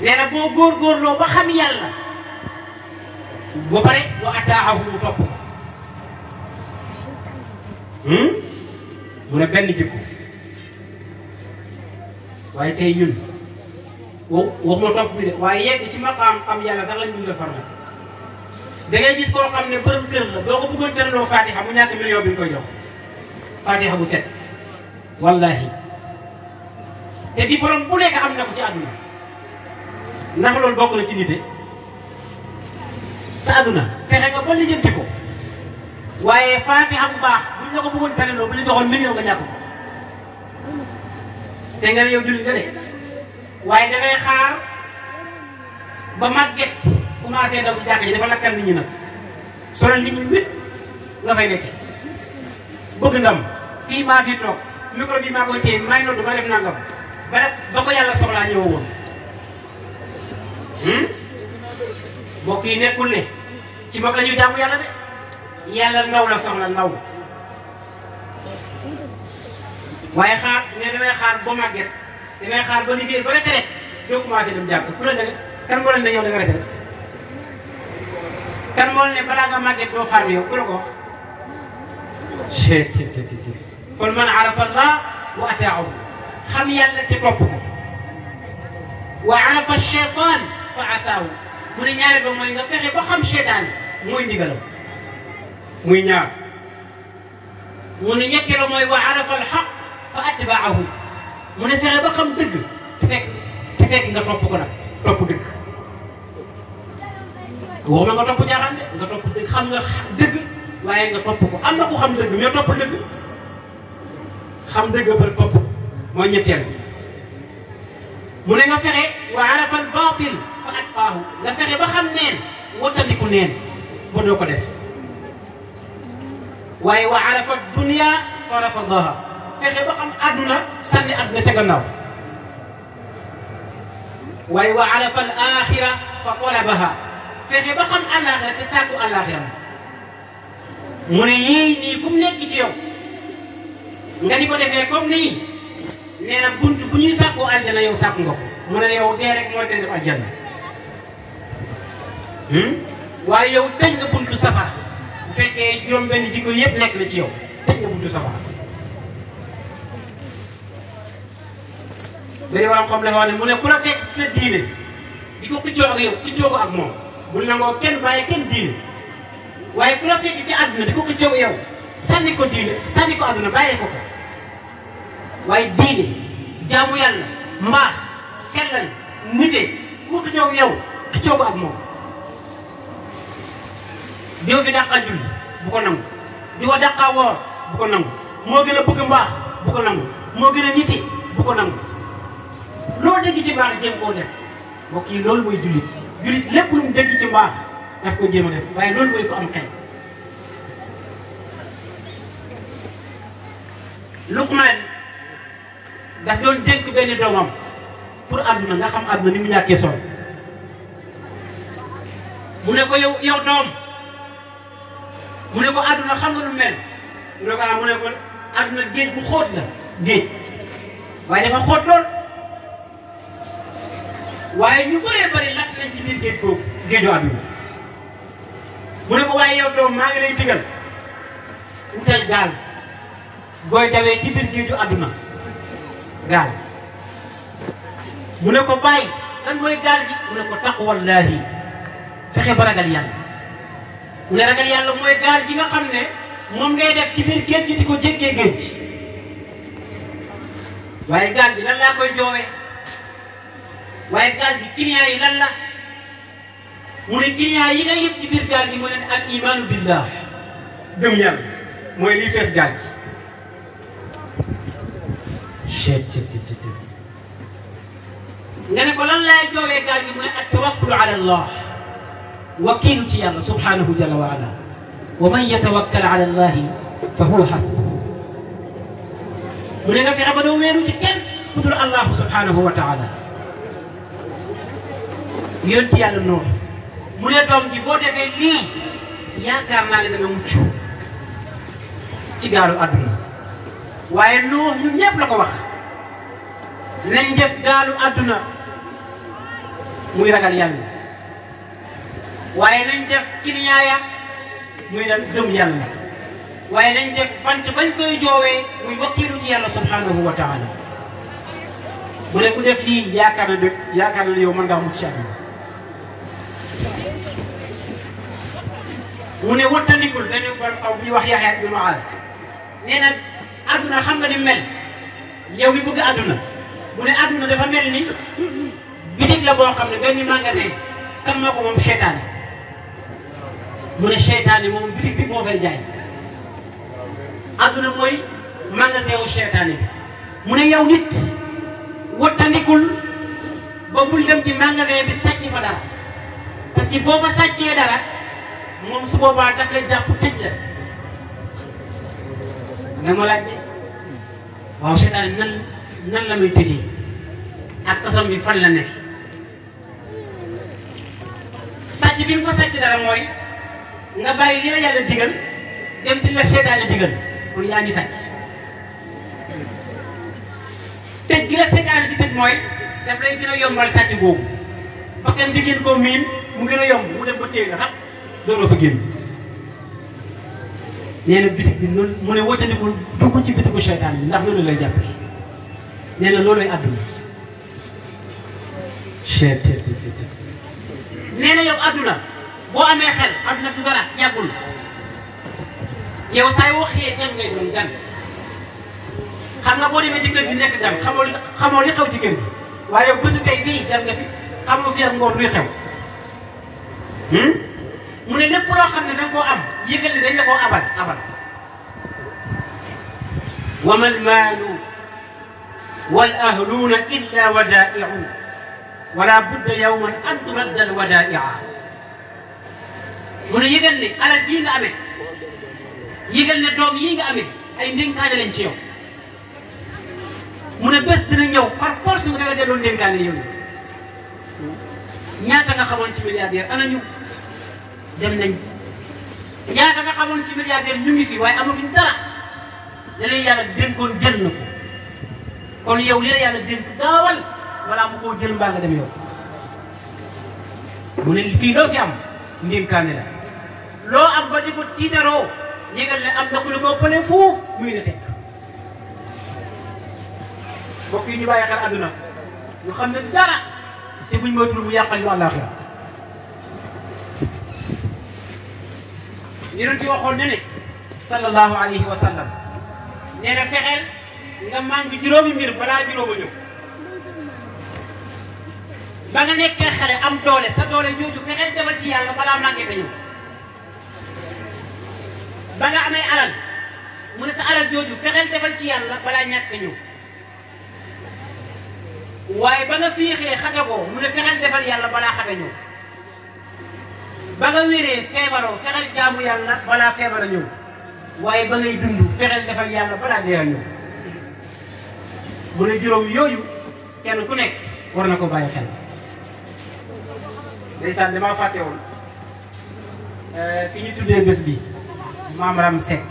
nee na boo góorgóorloo ba xam yàlla ba pare wa ataahu mu topp ko hmm? mu ne benn jikko waaye tey ñun waxuma topp bi de yegg ci maqaam am yàlla sax lañ ñu defar la da ngay gis koo xam ne borom kër la doo ko bëggoon tërloo Fatiha mu ñàkk million bi ñu koy jox Fatiha bu set wallahi te di borom bu nekk am na ko ci àdduna ndax loolu bokk na ci nite sa àdduna fexe nga ba lijjanti ko waaye Fatiha bu baax buñ la ko bëggoon tërloo bu la joxoon million nga ñàkk ko te nga ne yow jullit nga de waaye da ngay xaar ba màgget. commencé daw ci jàkk ji dafa lakkal nit ñi nag solal nit ñi wit nga fay nekk bëgg ndam fii maa fi toog micro bi maa koy téye may noddu ma def nangam ba ba ko yàlla soxlaa ñëw woon hmm? mbokk yi nekkul ne ci mag la ñuy jaamu yàlla de yàlla ndaw la soxla ndaw waaye xaar ne damay xaar ba màgget damay xaar ba liggéey ba retraite doo commencé dem jàng ku ne kan moo leen ne yow da nga retraite kan moo ne balaa nga màgget doo faatu yow ku la ko wax. kon man arafa allah wa ataahu xam yàlla te topp ko wa arafa cheytaan fa asaahu mu ne ñaari ba mooy nga fexe ba xam cheytaan mooy ndigalam muy ñaar mu ne ñetteelu mooy wa arafa alxaq fa atbaahu mu ne fexe ba xam dëgg te fekk te fekk nga topp ko nag topp dëgg. wow na nga topp jaaxaan de nga topp dëgg xam nga dëgg waaye nga topp ko am na ku xam dëgg mais topp dëgg xam dëgg ba topp mooy ñetteel mu ne nga fexe wa arafa al batil fa atqaahu nga fexe ba xam neen wattandiku neen ba doo ko def waaye wa arafa dunia fa rafadaha fexe ba xam àdduna sànni àdduna ca gannaaw waaye wa arafa al axira fa talabaha fexe ba xam àllaaxira te sàkku àllaaxira mu ne yéey nii ku mu nekk ci yow nga ni ko defee comme nii nee na bunt bu ñuy sàkkoo aljana yow sàkk nga ko mu ne yow dee rek mooy te def aljana hmm? waaye yow tëj nga buntu safara bu fekkee juróom benn jikko yëpp nekk na ci yow tëj nga buntu safara bari waram xam la wax mu ne ku la fekk ci sa diine di ko xëccoo ak yow xëccoo ko ak moom bul nangoo kenn bàyyi diine waaye ku la fekk ci àdduna di ko xëccoo yow sànni ko diine sànni ko àdduna bàyyee ko ko waaye diine jaamu yàlla mbaax sellal nite ku xëccoo yow xëccoo ko ak moom diw fi julli bu ko nangu di ko dàqaa woor bu ko nangu moo gën a bëgg mbaax bu ko nangu moo gën a nite bu ko nangu loo dégg ci mbaax jéem koo def mbokk yi loolu mooy jullit jullit lépp lu mu dégg ci mbaax daf ko jéem a def waaye loolu mooy ko am xel Luqmaan daf doon dénk benn doomam pour àdduna nga xam àdduna ni mu ñàkkee solo mu ne ko yow yow doom mu ne ko àdduna xam nga lu mel mu ne ko ah mu ne ko àdduna géej bu xóot la géej waaye dafa xóot lool waaye ñu bëree bëri lakk nañ ci biir géej googu géeju àdduna mu ne ko waaye yow doom maa ngi lay digal utal gaal gooy dawee ci biir géeju àdduna gaal mu ne ko bàyyi lan mooy gaal gi mu ne ko taqwallaahi fexe ba ragal yàlla mu ne ragal yàlla mooy gaal gi nga xam ne moom ngay def ci biir géej gi di ko jéggee géej waaye gaal gi lan laa koy joowee waaye gaal gi client yi lan la mu ne client yi nga yëpp ci biir gaal gi mu ne ak imaanu billah gëm yàlla mooy liy fees gaal gi. cheet ceeb ceeb nga ne ko lan laay joowee gaal gi mu ne at tawakkulu ala allah wakiilu ci yàlla subhanahu jalla wa ala wa man yatawakkal ala allahi fa huwa hasbuhu mu ne nga fexe ba doo weeru ci kenn ku dul allahu subhanahu wa taala ci yàlla noonu mu ne doom ji boo defee lii yaakaar naa ne da nga mucc ci gaalu àdduna waaye noo ñun ñëpp la ko wax nañ def gaalu àdduna muy ragal yàlla waaye nañ def kiniyaaya muy dal gëm yàlla waaye nañ def bant bañ koy joowee muy wakkiilu ci yàlla subhanahu wa taala bu ne ku def lii yaakaar na ne yaakaar na ne yow mën ngaa mucc ci àdduna mu ne wattandikul benn borom xaw bu ñuy wax Yaxya ibn Muaz nee na adduna xam nga ni mel yow mi bëgg adduna mu ne adduna dafa mel ni bitig la boo xam ne benn magasin kan moo ko moom seytaane mu ne seytaane moom bitig bi moo fay jaay adduna mooy magasin wu seytaane mu ne yow nit wattandikul ba bul dem ci magasin bi sàcc fa dara parce que boo fa sàccee dara moom su boobaa daf lay jàpp tëj la na ma laaj waaw seytaane nan nan la muy tëjee ak kasom bi fan la ne sàcc bi mu fa sàcc dara mooy nga bàyyi li la yàlla digal dem ci la seytaane digal kon yaa ngi sàcc tëj gi la seytaane di tëj mooy daf lay gën a yombal sàcc googu bakkan bi gën koo miin mu gën a yomb mu dem ba téye nga xam dooloo fa génn nee na bi loolu mu ne wóotandikul dugg ci bitigu seytaan yi ndax loolu lay jàppe nee na loolooy àdduna cher cher cher nee na yow àdduna boo amee xel àdduna du dara yàggul yow xam nga boo demee ci kër gi nekk gan xamoo li xamoo li xew ci kër waaye bésu tey bii gan nga fi xamoo fi ak ngoon luy xew hmm? mu ne lépp loo xam ne da koo am yëgal ne dañ la koo abal abal wama almaalu wal ahluuna illa wadaa'iu wala budda yawman an turadda alwadaa'i'a mu ne yëgal ne alal jii nga amee yëgal ne doom yii nga amee ay ndénkaane lañ ci yow mu ne bés dina ñëw far force nga danga delloo ndénkaane yow ñaata nga xamoon ci milliardaire dem nañ ñaata nga xamoon ci milliardaire ñu ngi fi waaye amatuñ dara la leen yàlla dénkoon jël na ko kon yow li la yàlla dénk gaawal balaa mu koo jël mbaa dem yow mu ne fii loo fi am ndénkaane la loo am ba di ko tiitaroo yëgal ne am na ku la ko pële fuuf muy na teg mbokk yi ñu bàyyi xel àdduna ñu xam ne dara te buñ moytul mu yàqal ñu àllaaxira yonent waxoon ne ne sallallahu alayhi wa sallam nee na fexeel nga màng juróomi mbir balaa juróoma ñëw ba nga nekkee xale am doole sa doole jooju fexeel defal ci yàlla balaa màggee te ñëw ba nga amee alal mu ne sa alal jooju fexeel defal ci yàlla balaa ñàkk ñëw waaye ba nga fiixee xatagoo mu ne fexeel defal yàlla balaa xata ñëw ba nga wéree feebaroo fexeel jaamu yàlla balaa feebara ñëw waaye ba ngay dund fexeel defal yàlla balaa dee ñëw mu ne juróom kenn ku nekk war na ko bàyyi xel ndeysaan damaa fàtte woon eh, ki ñu tuddee bés bi maam Ram Seck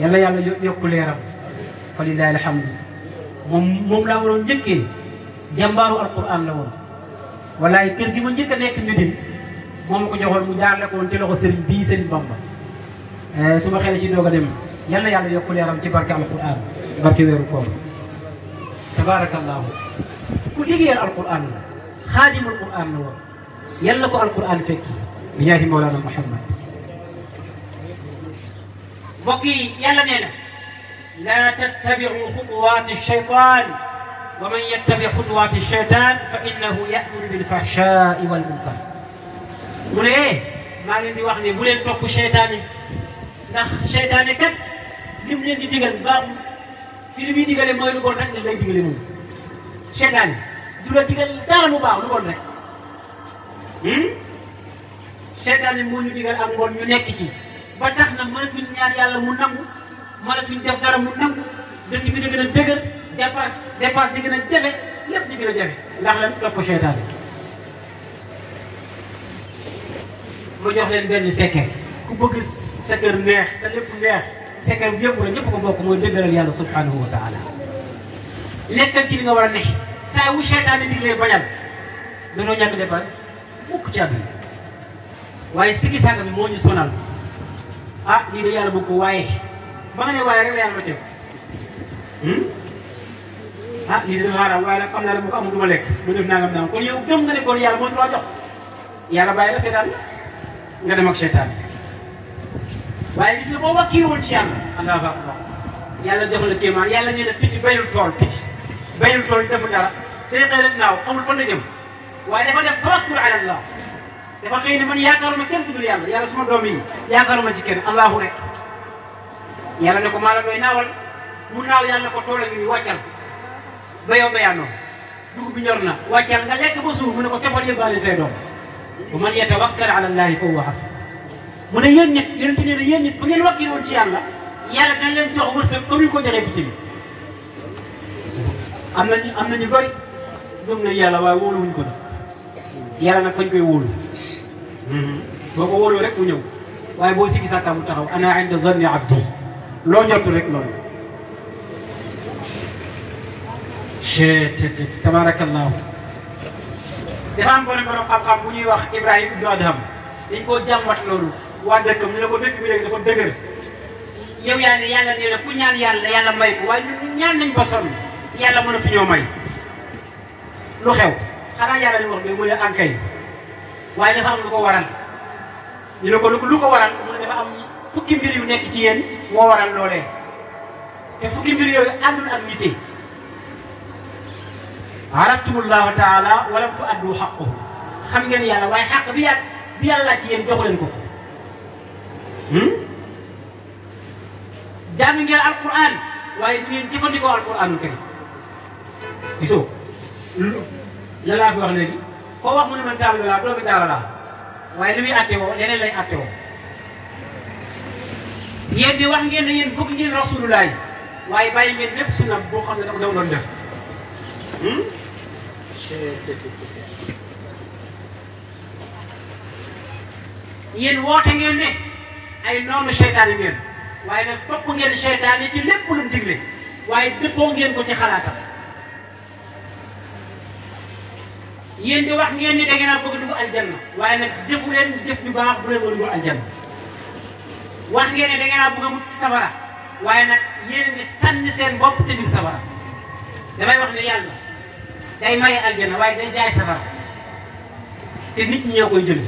yàlla yàlla yokku leeram fa lillahi alquran la kër gi moom ko joxoon mu jaarle ko woon ci loxo sëriñ bii sëriñ Bamba su ma xëyee ci doog a dem yal na yàlla yokk leeram ci barke alquran barke weeru koor tabaarakallaahu ku liggéeyal alquran la xaadimul quran la woon yal na ko alquran fekki bi jaahi mawlaana Muhammad mbokk yi yàlla nee na laa tattabiu xutuwaati shaytaan wa man yattabi xutuwaati shaytaan fa innahu yamuru bilfahshaai walmunkar mu ne maa leen di wax ne bu leen topp seytaane ndax seytaane kat lim leen di digal baaxul ci li muy digale mooy lu bon rek nga lay digale moom seytaane du la digal dara lu baax lu bon rek hmm? seytaane moo ñu digal ak mbon ñu nekk ci ba tax na mënatuñ ñaan yàlla mu nangu mënatuñ def dara mu nangu dëkk bi di gën a dëgër dépasse dépasse di gën a jafe lépp di gën a jafe ndax lan topp seytaane ma jox leen benn secret ku bëgg sa kër neex sa lépp neex secret bi yëpp la ñëpp ko bokk mooy dëggalal yàlla subhanahu wa taala lekkal ci nga war a neex saa wu seytaane dig lay bañal danoo ñàkk dépense mukk ci àdduna waaye sigi sàkk bi moo ah lii de yàlla bëgg ko waaye ba ne waaye rek la yàlla ma teg hmm? ah lii la bu la seetaan nga dem ak seytaan waaye gis nga boo wakkiiruwul ci yàlla allahu akbar yàlla defal la kéemaan yàlla nee na picc bayul tool picc bayul tool yi deful dara te xëy rek naaw amul fan la jëm waaye dafa def tawakkul ala allah dafa xëy ne man yaakaaruma kenn ku dul yàlla yàlla suma doom yi yaakaaruma ci kenn allahu rek yàlla ne ko maa la doy naawal mu naaw yàlla ne ko tool ngi nii wàccal bayoo bayaanoo dugub bi ñor na wàccal nga lekk ba suur mu ne ko toppal yëbbaale say doom ومن يتوكل على الله فهو حسن من يني يرتني يني بغير وكيل ان شاء الله يالا كان لن جوخ مرسل كل كو جالي بتيم امنا امنا ني بري دوم لا يالا واي وولو نكو دا يالا نا فاج كاي وولو بوكو وولو رك مو نيو واي بو سيكي ساكا مو انا عند ظن عبدي لو نيوتو رك نون شيت تبارك الله dafa am borom borom xam-xam bu ñuy wax Ibrahim ibnu Adham dañ koo jàmbat loolu waa dëkkam ñu ko dëkk bi léegi dafa ku ñaan yàlla yàlla may ko waaye ñun ñaan nañ ba sonn yàlla mënatu ñoo xew xanaa yàlla li wax mu ne ankay ko waral ñu ne ko lu ko waral mu fukki mbir yu nekk ci yéen moo waral loolee te fukki mbir yooyu àndul ak nite araftumullahu taala walam tu addu xaqu xam ngeen yàlla waaye xaq bi yàlla bi yàlla ci yéen joxu leen ko ko hmm? jàng ngeen alquran waaye du ngeen jëfandikoo alquranul karim gisoo la laa fi wax léegi koo wax mu ne man taalibe laa doomi daara laa waaye li muy àtte woo leneen lay àtte woo yéen di wax ngeen ne yéen bëgg ngeen rasulullah waaye bàyyi ngeen lépp sunna boo xam ne dafa doon doon def hmm? yéen woote ngeen ne ay noonu seytaan yi ngeen waaye nag topp ngeen seytaan yi ci lépp lu mu digle waaye dëppoo ngeen ko ci xalaatam yéen di wax ngeen ni da ngeen a bëgg dugg aljanna waaye nag jëfu leen jëf ju baax bu leen ko dugg aljanna wax ngeen ne da ngeen a bëgg safara waaye nag yéen ngi sànni seen bopp te biir safara wax ne yàlla day maye aljana waaye day jaay safara te nit ñi ñoo koy jënd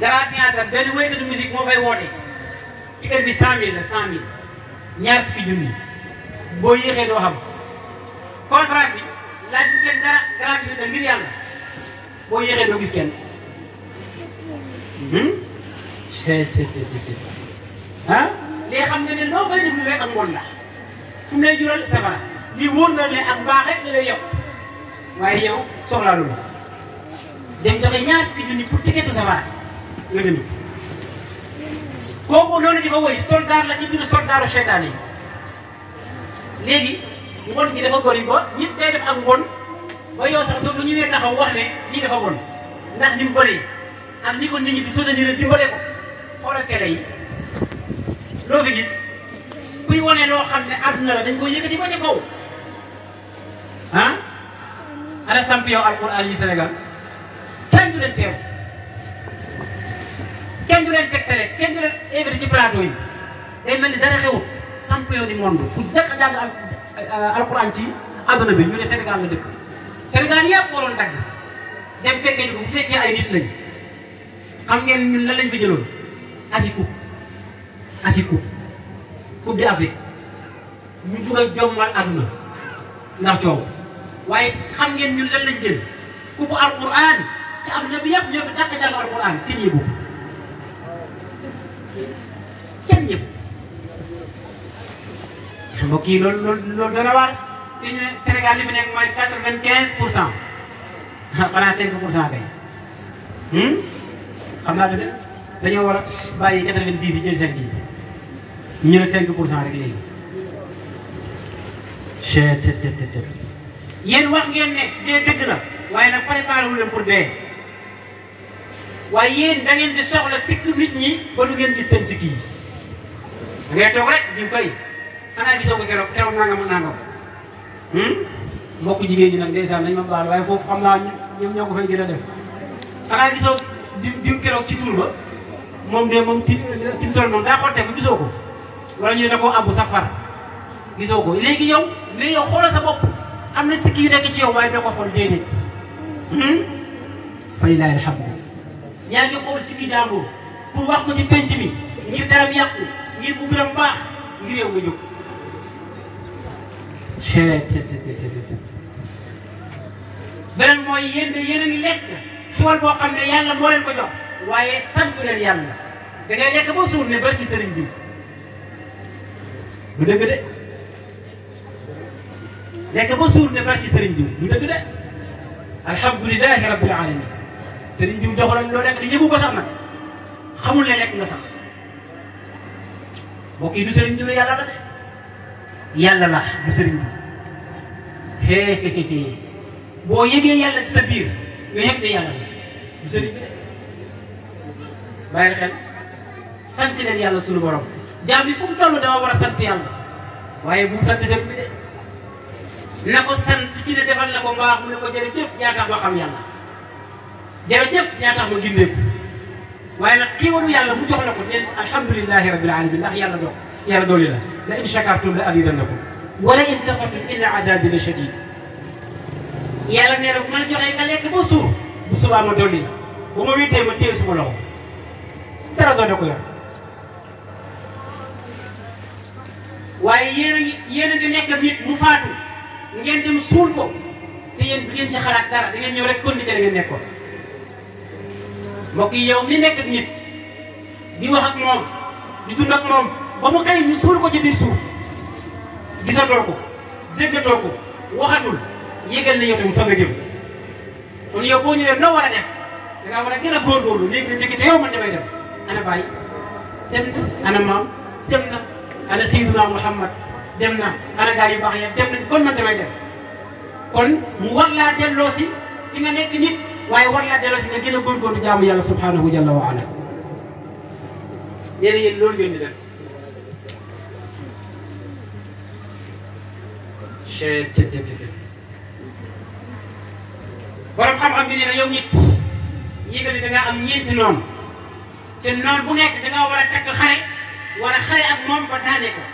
Grand Théâtre benn woykatu musique moo fay woote ticket bi cent mille la cent ñaar fukki junni boo yéexee doo xam contrat bi laaj bi kenn dara gratuit la ngir yàlla boo yéexee doo gis kenn ah hmm? léegi xam nga ni loo koy déglu rek ak ngoon la fu mu lay safara li wóor na ne ak baax rek la lay yokk waaye yow soxlaa loolu dem joxe ñaar fukki junni pour tiketu safara nga jënd kooku noonu di ko woy soldaar la ci biir soldaaru seytaane yi léegi ngon gi dafa bëri ba nit sax dootu taxaw wax ne lii fa bon ndax ni mu bëree ak ni ko nit ñi di soutenir di bëree ko xoolal télé yi loo fi gis kuy wane loo xam ne àdduna la dañ ko yëkkati ba ca kaw ah ana samp yow alquran yi Sénégal kenn du leen teew kenn du leen tegtale kenn du leen invité ci plateau day mel ni dara xewut samp yow ni monde bu dëkk jàng al euh, alquran ci àdduna bi ñu ne Sénégal la dëkk Sénégal yëpp waroon dagg dem fekkee ni ko bu fekkee ay nit lañ xam ngeen ñun lan lañ fa jëloon asi coupe asi coupe coupe ñu dugal jommal àdduna ndax coow waaye xam ngeen ñun lan lañ jël ku bu alquran ci adduna bi yëpp ñoo fi dàq jàng alquran kenn yëgu kenn yëgu mbokk yi loolu loolu loolu dana waar li ñu ne Sénégal li fi nekk mooy quatre vingt quinze pour cent ah, xanaa cinq pour cent kay hmm? xam naa ne dañoo war a bàyyi quatre vingt dix yi jël seen kii ñu ne cinq pour cent rek léegi. yéen wax ngeen ne dee dëgg na waaye nag préparé wu leen pour dee waaye yéen da ngeen di soxla sikk nit ñi ba du ngeen di seen sikk yi da ngay toog rek di koy xanaa gisoo ko keroog man naa ak nangam hmm? mbokk jigéen ñi nag ndeysaan nañ ma baal waaye foofu xam naa ñoom ñoo ko fay gën a def xanaa gisoo di di keroog ci tur ba moom de moom tim tim sol moom daa xottee ko gisoo ko wala ñu da koo àbbu sax far gisoo ko léegi yow léegi yow xoolal sa bopp am na sikki yu nekk ci yow waaye doo ko xool déedéet. Hmm? fay laay alhamdu yaa ngi xool sikki jàmbur pour wax ko ci penc bi ngir daram yàqu ngir bu biram baax ngir yow nga jóg. cheet cheet cheet beneen mooy yéen de yéen a ngi lekk xiwal boo xam ne yàlla moo leen ko jox waaye sant leen yàlla da ngay lekk ba suur ne barki sëriñ bi bu dëgg de. lekk ba suur ne barki Serigne Diouf du dëgg de alhamdulilahi rabbil alamin Serigne Diouf joxolam loo lekk di yëgu ko sax nag xamul ne lekk nga sax mbokk yi du Serigne Diouf yàlla la de yàlla la du Serigne Diouf boo yëgee yàlla ci sa biir nga yëg yàlla la du Serigne bi de bàyyi xel sant leen yàlla sunu borom jaam bi fu mu toll dama war a sant waaye bu mu sant bi de. na ko sant ci ne defal na ko mbaax mu ne ko jërëjëf yaa tax ma xam yàlla jërëjëf yaa tax ma gindeeku waaye nag xéewalu yàlla mu jox la ko neen alhamdulilahi rabil alamin ndax yàlla doo yàlla dooli la la in shakartum la azidannakum wala in kafartum inna adabi la shadid yàlla nee na joxee nga lekk ba suur bu subaa ma dolli la bu ma wéetee ma téye suma loxo dara doone ko yor waaye yéen ngi yéen ngi nekk mu faatu ngeen dem suul ko te yéen bu ngeen ci xalaat dara da ngeen ñëw rek kon di ngeen nekkoon mbokk yi yow mi nekk ak nit di wax moom di dund ak moom ba mu xëy ni suul ko ci biir suuf gisatoo ko déggatoo ko waxatul yégal na yow tamit fa nga jëm kon yow boo ñëwee noo war a def da ngaa war a gën a góorgóorlu léegi ñu ndekete yow man damay dem ana bàyyi dem ana maam dem na ana sayyiduna Muhammad dem na ana yu baax ya dem nañ kon damay dem kon mu war laa delloo ci nga nekk nit waaye war laa delloo si nga gën a góorgóorlu jaamu yàlla subhaanahu jalla wa ala nee na yéen loolu ngeen di yow nit yëgal ni am ñeenti noonu te noonu bu nekk da war a takk xare war xare ak moom ba daane ko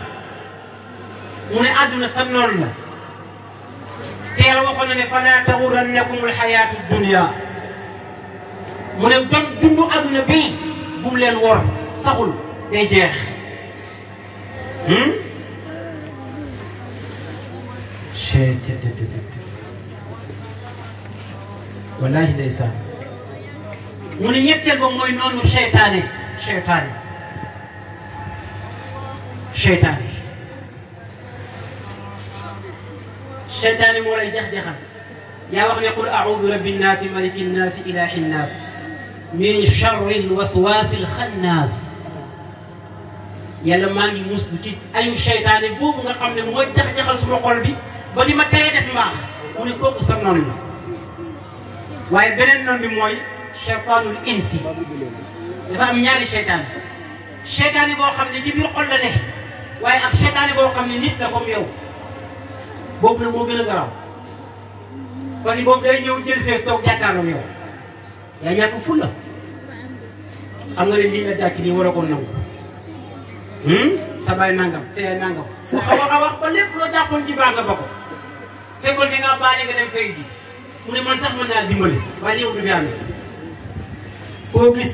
من أدنى سنورنا تيلو خلنا فلا تغرنكم الحياة الدنيا من دون دون أدنى بي بملن ور سقول نجح هم شيء والله ليسان من يقتل بمؤمن شيطاني شيطاني شيطاني الشيطان مولاي جهدها يا وخني قل اعوذ برب الناس ملك الناس اله الناس من شر الوسواس الخناس يا لما نجي مسكتيس اي شيطان بوب نغا خامني موي تخ جخال سما قلبي با ديما تاي ديف ماخ وني كوكو سنون لا واي بنين نون دي موي شيطان الانس دا ام نياري شيطان شيطان بو خامني جي بير قل لا نه واي اك شيطان بو خامني نيت داكو boobu na moo gën a garaaw parce que boobu day ñëw jël sees toog jàkkaarloo yow yaa ñàkk ful la xam nga ne lii la gàcc nii war a ko nangu hmm? sa baay nangam sa yaay nangam bu xaw a wax ci baa nga ba ko fekkoon da ngaa baale nga mu ne man sax mën naa dimbale waaye lii du fi amee koo gis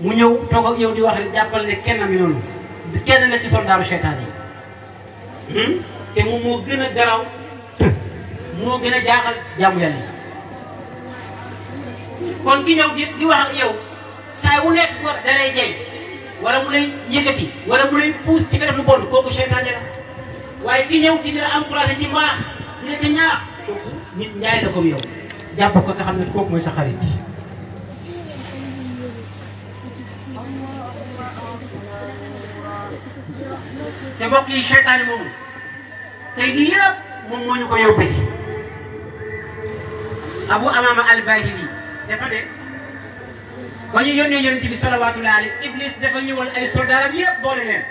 mu ñëw toog ak yow di wax rek jàppal ne kenn a ngi noonu kenn la ci soldaaru seytaan yi hmm? te moom moo gën a garaw moo gën a jaaxal jaamu yàlla yi kon ki ñëw di di wax ak yow saa wu nekk ko da lay jey mu lay yëkkati wala mu lay puus ci nga def lu bon kooku seytaane la waaye ki ñëw di dina encouragé ci mbaax dina ci ñaax nit ñaay la comme yow jàpp ko nga xam ne kooku mooy sa xarit. te mbokk yi seytaane moomu. tey lii yëpp moom moo ñu ko yóbbee abu amaama albahili dafa ne ba ñu yónnee yonent bi salawaatullaahi alayhi iblis dafa ñëwal ay soldaaram yëpp boole leen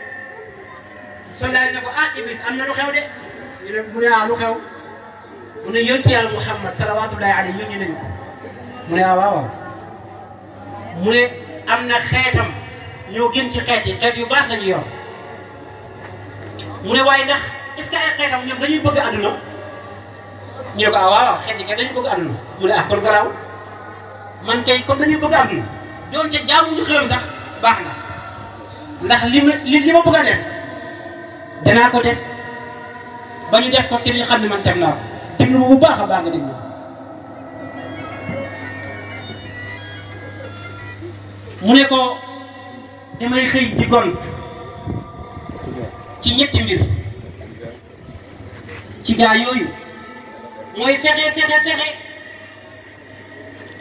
soldaar yi ne ko ah iblis am na lu xew de ñu ne mu ne ah lu xew mu ne yonent yàlla muhammad salawaatullaahi alayhi yónni nañu ko mu ne ah waaw mu ne am na xeetam ñoo gën ci xeet yi xeet yu baax lañu yor mu ne waaye ndax que ay xeetam ñoom dañuy bëgg àdduna ñu ne ko ah waaw xeet yi kat dañuy bëgg àdduna mu ne ah kon garaaw man kay kon dañuy bëgg àdduna doonte jaamu ñu xërëm sax baax na ndax li ma li li ma bëgg a def danaa ko def ba ñu def ko te ñu xam ne man def naa ko déglu bu baax a baax nga déglu mu ne ko damay xëy di gont ci ñetti mbir ci gaay yooyu mooy fexe fexe fexe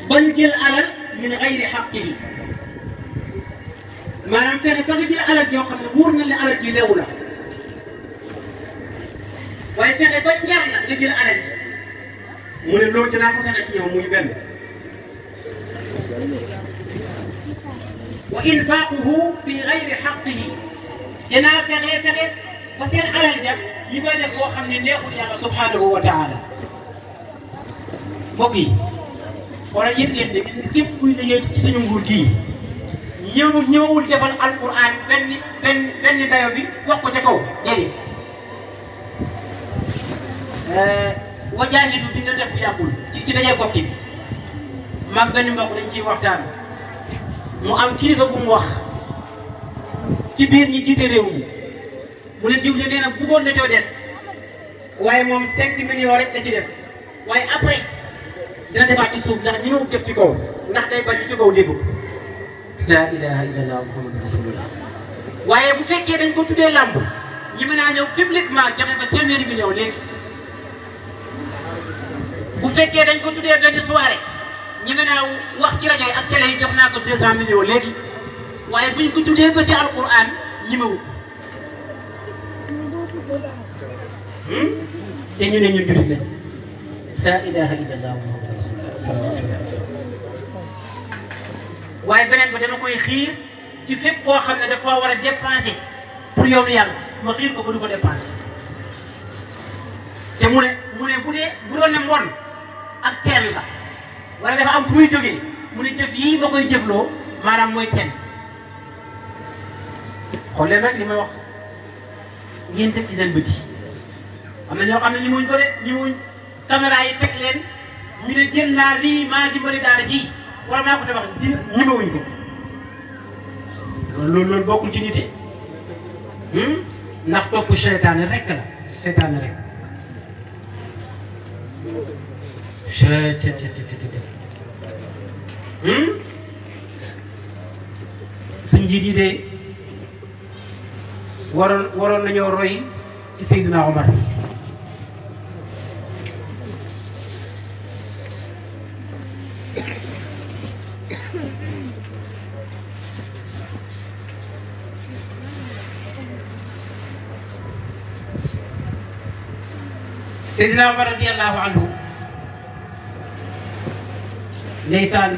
ban jël alal min gayri xaqihi maanaam fexe ba nga jël alal yoo xam ne wóor na la alal ci lewu la waaye fexe ba njar la nga jël alal ji mu ne loolu dinaa ko fexe ci ñoom muy benn wa infaquhu fi gayri xaqihi dinaa fexe fexe ba seen alal ja ñu koy def boo xam ne ne yàlla subhanahu wa taala mbokk yi wala yëg leen ne gis nga képp kuy liggéey ci suñu nguur gii ñëw ñëwul defal alquran benn benn benn dayo bi wax ko ca kaw déedéet euh, wajaahidu bi nga def bu yàggul ci ci dajee bokki mag benn mbokk dañ ciy waxtaan mu am kilifa bu mu wax ci biir ñi jiite réew mi mune diw diwle neena bu bëggoon la coo def waye mom 5 millions rek la ci def waye après dina defaat ci souf ndax ñu def ci ko ndax day ba ci ko degu la ilaha illallah muhammadur rasulullah waye bu fekke dañ ko tuddé làmb ñi mëna ñëw publiquement jaxé ko téeméeri millions légui bu fekke dañ ko tuddé benn soirée ñi mëna wax ci radio ak télé joxnako 200 millions légui waye buñ ko tuddé ba ci alcorane ñi ma te ñu ne ñu jullit lañ laa ilaaha illallaah waaye beneen ba dama koy xiir ci fépp koo xam ne dafa war a dépenser pour yoonu yàlla ma xiir ko ba du fa dépenser te mu ne mu ne bu dee bu doon ne mbon ak teen la wala dafa am fu muy jógee mu ne jëf yii ma koy jëfloo maanaam mooy teen xool leen rek li may wax. ngeen teg ci seen bët yi ñoo xam ne ni muñ ko de ni muñ caméra yi teg leen ñu ne jël naa lii maa dimbali daara ji wala maa ko tabax di ñemewuñ ko loolu loolu bokkul ci nite hmm? ndax topp seytaane rek la seytaane rek hmm? suñ jiit yi de waron waron nañu roy ci Seydina Omar Seydina Omar radiyallahu anhu ndeysaan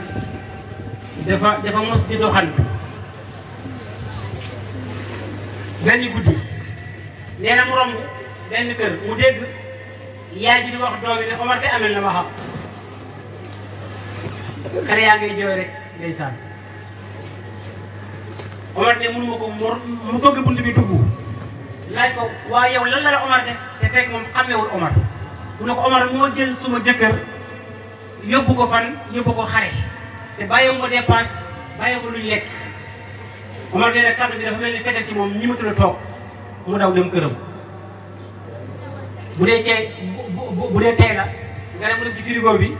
dafa dafa mos di doxantu benn guddi nee na mu romb benn kër mu dégg yaay ji wax doom yi ne Omar de amel na ma xam xale yaa ngay jooy rek ndeysaan Omar de mënu ko mu fëgg bunt bi dugg laaj ko waa yow lan la la Omar de te fekk moom xàmmewul Omar mu ne ko Omar moo jël suma jëkkër yóbbu ko fan yóbbu ko xare te bàyyiwu ma dépense bàyyiwu ko luñ lekk Omar nee na kàddu bi dafa mel ni fetal ci moom ñi matul a toog mu daw dem këram bu dee cee bu dee tey la nga dem mu dem ci frigo bi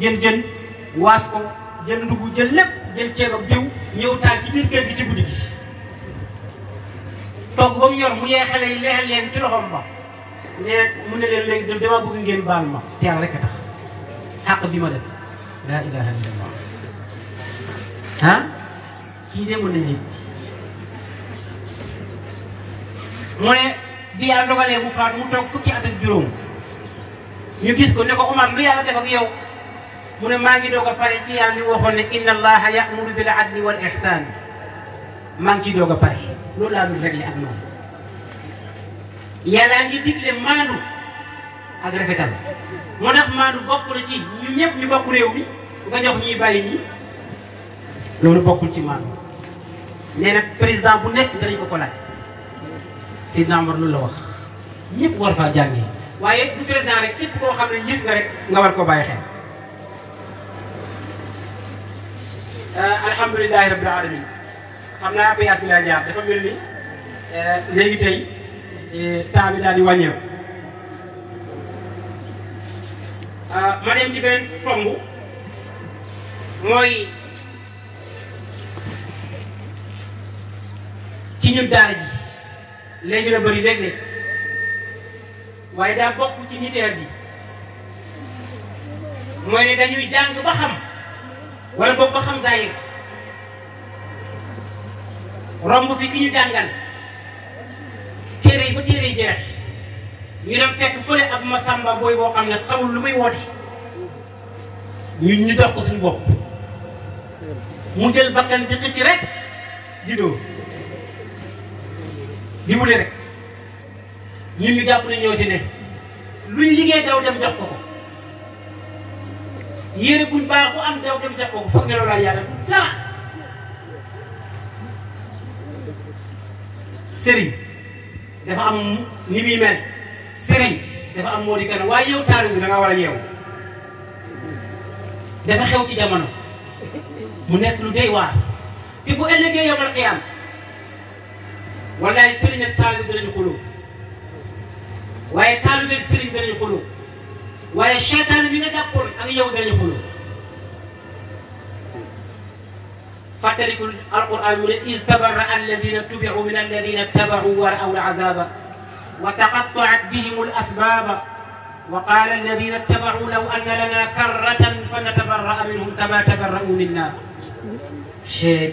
jën jën waas ko jël ndugg jël lépp jël ceeb ak diw ñëw taal ci biir kër gi ci guddi gi toog ba mu yor mu yee xale yi leexal leen ci loxoom ba nee na mu ne leen dama bëgg ngeen baal ma teel rek a tax xàq bi ma def laa ilaha illallah ah kii de mën na njiit mu ne bi yàlla dogalee mu faatu mu toog fukki at ak juróom ñu gis ko ne ko Omar lu yàlla def ak yow mu ne maa ngi doog pare ci yàlla li waxoon ne inna allaha ya'muru bil adli wal ihsan maa ngi ciy a pare loolu laa dul réglé ak moom yàlla ngi digle maandu ak rafetal moo tax maandu bokk na ci ñu ñëpp ñu bokk réew mi nga jox ñiy bàyyi ñi loolu bokkul ci maandu nee président bu nekk danañ ko ko laaj Seydina Omar loolu la wax ñëpp war faa jàngee waaye du président rek képp koo xam ne njiit nga rek nga war ko bàyyi xel euh, alhamdulilahi rabbil alamin xam naa ba yaas jaar dafa mel ni euh, léegi tey euh, temps bi daal di ma dem ci beneen mooy ci ñun daara ji léegi la bëri léeg-léeg waaye daa bokk ci niteer ji mooy ne dañuy jàng ba xam wala boog ba xam zahir romb fi ki ñu jàngal téere yi ba téere yi jeex ñu dem fekk fële ab masamba booy boo xam ne xamul lu muy woote ñun ñu jox ko suñu bopp mu jël bakkan di xëcc rek di dimbali rek ñun ñu jàpp ne ñoo si ne luñ liggéey daw dem jox ko ko yére buñ baax bu am daw dem jox ko ko foog ngeen walaay yàlla dara. Sëriñ dafa am ni muy mel sëriñ dafa am moo di kanam waaye yow taaru bi da war a yeewu dafa xew ci jamono mu nekk lu doy waar te bu ëllëgee yow la am. والله سرنا الطالب من الخلو وهي طالب السكرين من الخلو وهي الشيطان من الدقل أغيو من الخلو فترك القرآن من إذ تبرع الذين تبعوا من الذين اتبعوا ورأوا العذاب وتقطعت بهم الأسباب وقال الذين اتبعوا لو أن لنا كرة فنتبرأ منهم كما تبرؤوا منا شيء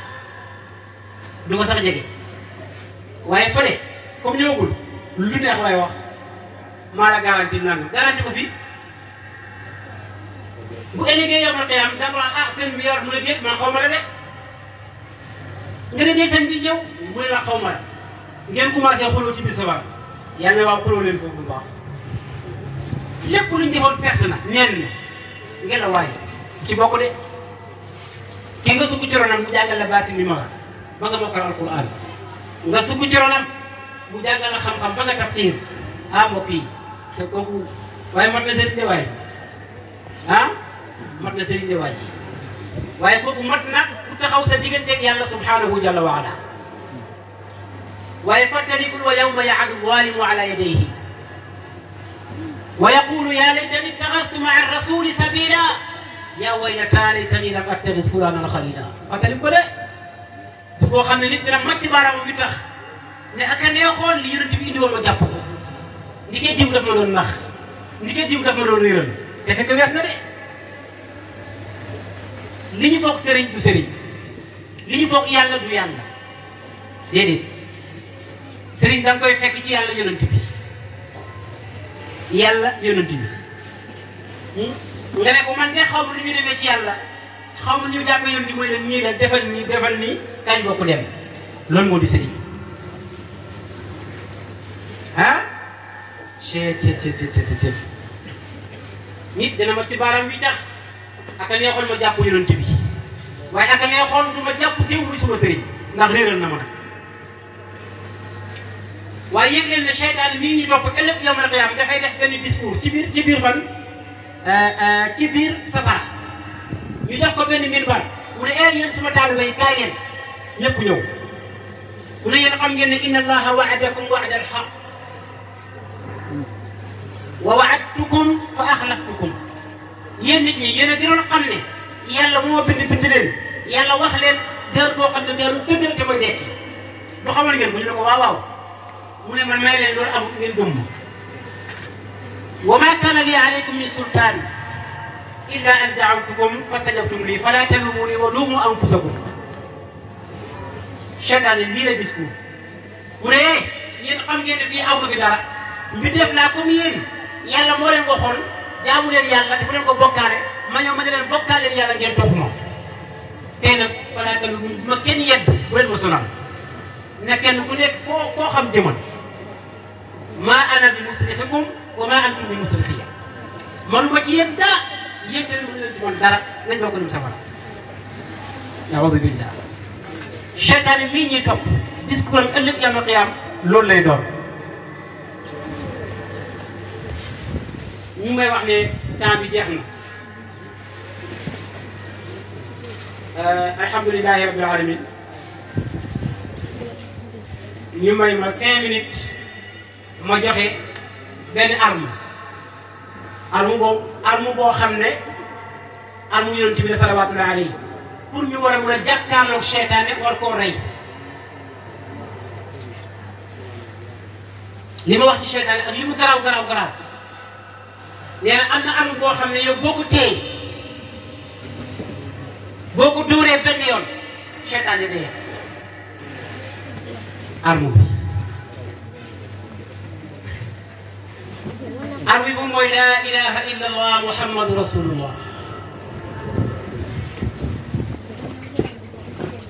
du sax jege waaye fële comme ñëwagul lu neex waay wax maa la garanti nangam garanti ko fi bu ëllëgee yomal xiyaam da nga wax ah seen bi yar mu man xaw ma la de nga ne déet seen bi yow mu la xaw ma la ngeen commencé xuloo ci biir safara yàlla na waaw xuloo leen foofu bu baax lépp luñ defoon perte na neen na ngeen la waay ci bokk de ki nga sukk ci mu jàngal la basi ni ma ba nga mokkal alquran nga sukk ci ronam mu jàngal la xam-xam ba nga tafsir ah mbokk yi te kooku waaye mat na sëriñ de waay ah mat na sëriñ de waay waaye kooku mat na ku taxaw sa digganteeg yàlla subhanahu jalla wa ala waaye fàttalikul wa yawma yaadu zalimu ala yadayhi wa yaqulu ya laytani ittaxastu maa rasuli sabila yaa waylataa laytani lam attaxis fulanan xalila fàttaliku ko de boo xam ne nit dina màcc baaraamam bi tax ne ak a neexoon li yonent bi indi woon ma jàpp ko ndi ke diw daf ma doon nax ndi diw daf ma doon réeral te fekk wees na de li ñu foog sëriñ du sëriñ li ñu foog yàlla du yàlla déedéet sëriñ da koy fekk ci yàlla yonent bi yàlla yonent bi hmm? nga ne ko man de xaw lu ñu demee ci yàlla xamuñu jàkk yoon ci mooy leen ñii ne defal ni defal nii kañ bokk dem loolu moo di sëriñ ah cee nit dana ma ci baaraam bi tax aka neexoon ma jàpp yonent bi waaye aka neexoon du jàpp diw bi suma sëriñ ndax réeral na ma nag waaye yëg leen ne seytaane nii ñu topp ëllëg yow ma la ko dafay def benn discours ci biir ci biir fan eh, eh, ci biir safara ñu jox ko benn minbar mu ne eh yéen suma taalibe yi kaay leen ñëpp ñëw mu ne yéen xam ngeen ne inna allaha waadakum waada alxaq wa waadtukum fa axlaftukum yéen nit ñi yéen a gënoon xam ne yàlla moo bind bind leen yàlla wax leen deer boo xam ne deeru dëgg la te mooy dekki du xamal ngeen ko ñu ne ko waaw waaw mu ne man may leen loolu amut ngeen gëmm wa ma kaana li aleykum min sultaan إلا أن دعوتكم فتجبتم لي فلا تلوموني ولوموا أنفسكم شيطان لي لبسكو وري ين قام ген في أول كدارا بدف لكم ين يلا مورن وخون جابو لين يلا تبرن كو بوكاري ما نيو ما دين بوكال لين يلا ген توكمو تينا فلا تلوموني ما كين يد بولن مسلم نكن كو نيك فو فو خام ديمون ما أنا بمسرخكم وما أنتم بمسرخية ما نبغى تيجي yéen mën leen ci mën dara nañ bokk ñu safara naawudu billah seytaane mii ñuy topp discours am ëllëg yawmal qiyaam loolu lay doon ñu may wax ne temps bi jeex na alhamdulilahi rabbil alamin ñu may ma cinq minutes ma joxe benn arme arme boobu arme boo xam ne arme yonent bi salawaatullahi alayhi pour ñu war a mën a jàkkaarloog seytaane war koo rey li ma wax ci seytaane ak li mu garaaw garaaw garaaw nee na am na arme boo xam ne yow boo ko téye boo ko dóoree benn yoon seytaane dee arme أربي بمو لا إله إلا الله محمد رسول الله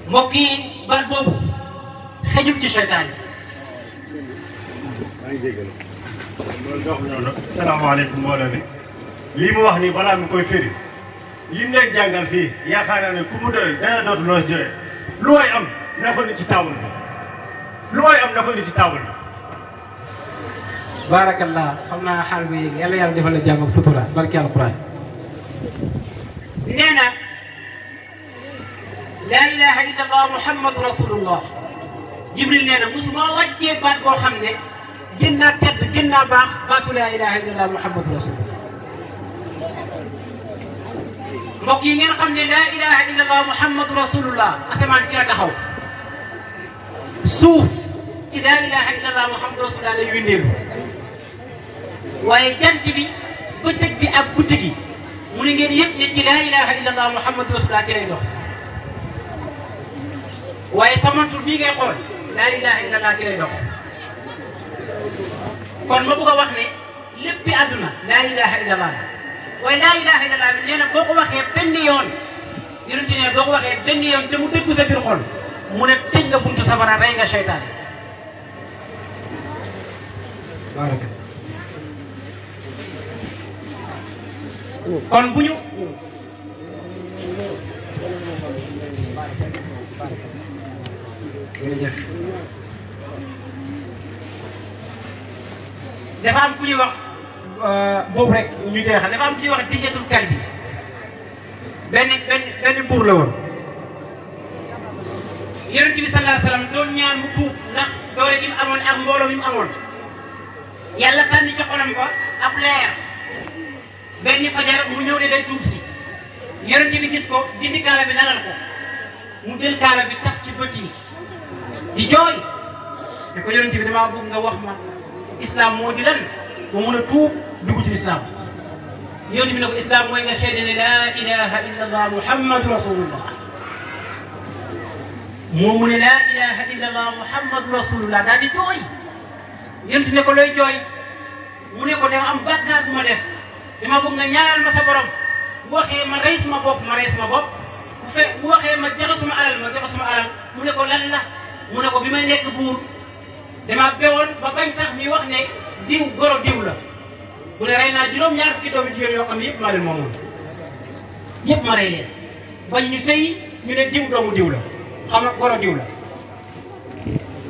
مكين بربوب خجب شيطان السلام عليكم مولانا لي مو واخني بلا ما كوي فيري لي نك جانغال في يا خانا ني كومو دوي دا دوت لو جوي لو اي ام نافو ني تاول لو ام نافو ني تاول baarakallah xam naa xaal bi yéeg yàlla yàlla defal la jàmm ak sutura barki alquran nee na laa ilaha illa allah muhammadu rasulullah jibril nee na mosuma wàccee baat boo xam ne gën naa tedd gën naa baax baatu laa ilaha illa allah muhammadu rasulullah mbokk yi ngeen xam ne laa ilaha illa allah muhammadu rasulullah asamaan ci la taxaw suuf ci laa ilaha illa allah muhammadu rasulullah lay windeelu waye jant bi beuk bi ak guddi gi mu ne ngeen yeb ne ci la ilaha illa allah muhammadu rasulullah ci lay dox sama tour bi ngay xol la ilaha illallah ci lay dox kon ma bëgg a wax ne lépp bi aduna la ilaha illa allah waye la ilaha illa allah neena boko waxe ko waxee benn yoon yonente ne boo ko benn yoon te mu degg sa bir xol mu ne tëj nga buntu safara ray nga shaytan barakallah kon bu ñu dafa am fu ñuy wax euh, boobu rek ñu jeexal dafa am fu ñuy wax dijatul kan bi benn benn benn buur la woon yonent bi sallallahu alayhi ñaan mu tuub ndax doole gi mu amoon ak mbooloo mi mu amoon yàlla sànni ci xolam ko ab leer benn fajar mu ñëw ne day tuub si yonent bi kaala bi lalal ko mu jël kaala bi taf ci bët yi di jooy ne ko yonent bi damaa bëgg nga wax ma islam moo di lan ba mun a tuub dugg ci islam yonent bi ne ko islam mooy nga seede ne laa ilaha illa allah mu ne laa ilaha illa jooy yonent bi ko looy jooy mu ne ko dafa am bàkkaar bu ma def dama bëgg nga ñaanal ma sa borom bu waxé ma rey suma bop ma rey suma bop bu fe bu waxé ma joxe suma alal ma joxe suma alal mu ne ko lan la mu ne ko bima may nekk buur dama bewoon ba bañ sax mi wax ne diw goro diw la bu ne rey naa juróom-ñaar fi doomi jigéen yo xam yépp ma leen moomoon yépp ma rey leen bañ ñu sey ñu ne diw doomu diw la xam nga goro diw la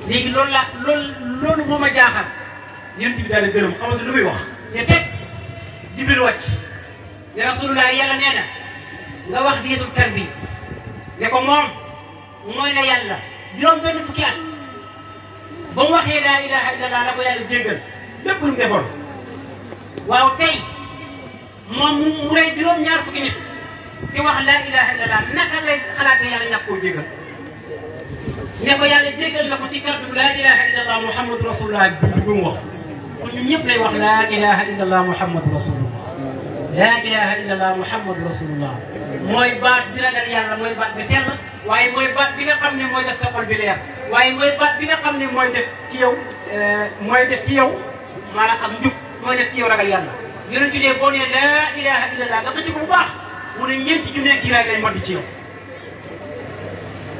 légui lool la lool lool moo ma jaaxal yéen bi daal di lu muy wax te tek jibril wàcc ne rasulullah yàlla nee na nga wax diitul tarbi ne ko moom mooy na yàlla juróom benn fukki at ba mu waxee laa ilaha illallah la ko yàlla jéggal lépp lu mu defoon waaw tey moom mu rey juróom ñaar fukki nit te wax laa ilaha illallah naka lay xalaatee yàlla ñàkk koo jéggal ne ko yàlla jéggal na ko ci kàddu laa ilaha illallah muhammadu rasulullah bi mu wax kon ñun ñëpp lay wax laa ilaha illallah muhammadu rasulullah laa ilaha illallah muhammadu rasulullah mooy baat bi ragal yàlla mooy baat bi sell waaye mooy baat bi nga xam ne mooy def sa xol bi leer waaye mooy baat bi nga xam ne mooy def ci yow euh, mooy def ci yow maanaam ak njub mooy def ci yow ragal yàlla yonent bi boo nee laa ilaha illallah nga xëcc ko bu baax mu ne ñeenti junne kiiraay lay modd ci yow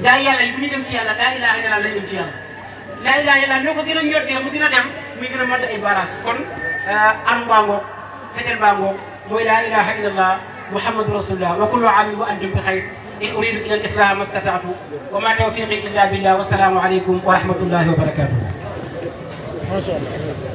daa yàlla yi bu ñu dem ci yàlla laa ilaha illallah lay dem ci yàlla لا لا لا لا لا لا لا لا لا لا لا لا لا لا لا لا لا لا لا محمد رسول الله وكل عام وانتم بخير ان اريد الى الاسلام ما استطعت وما توفيقي الا بالله والسلام عليكم ورحمه الله وبركاته. ما شاء الله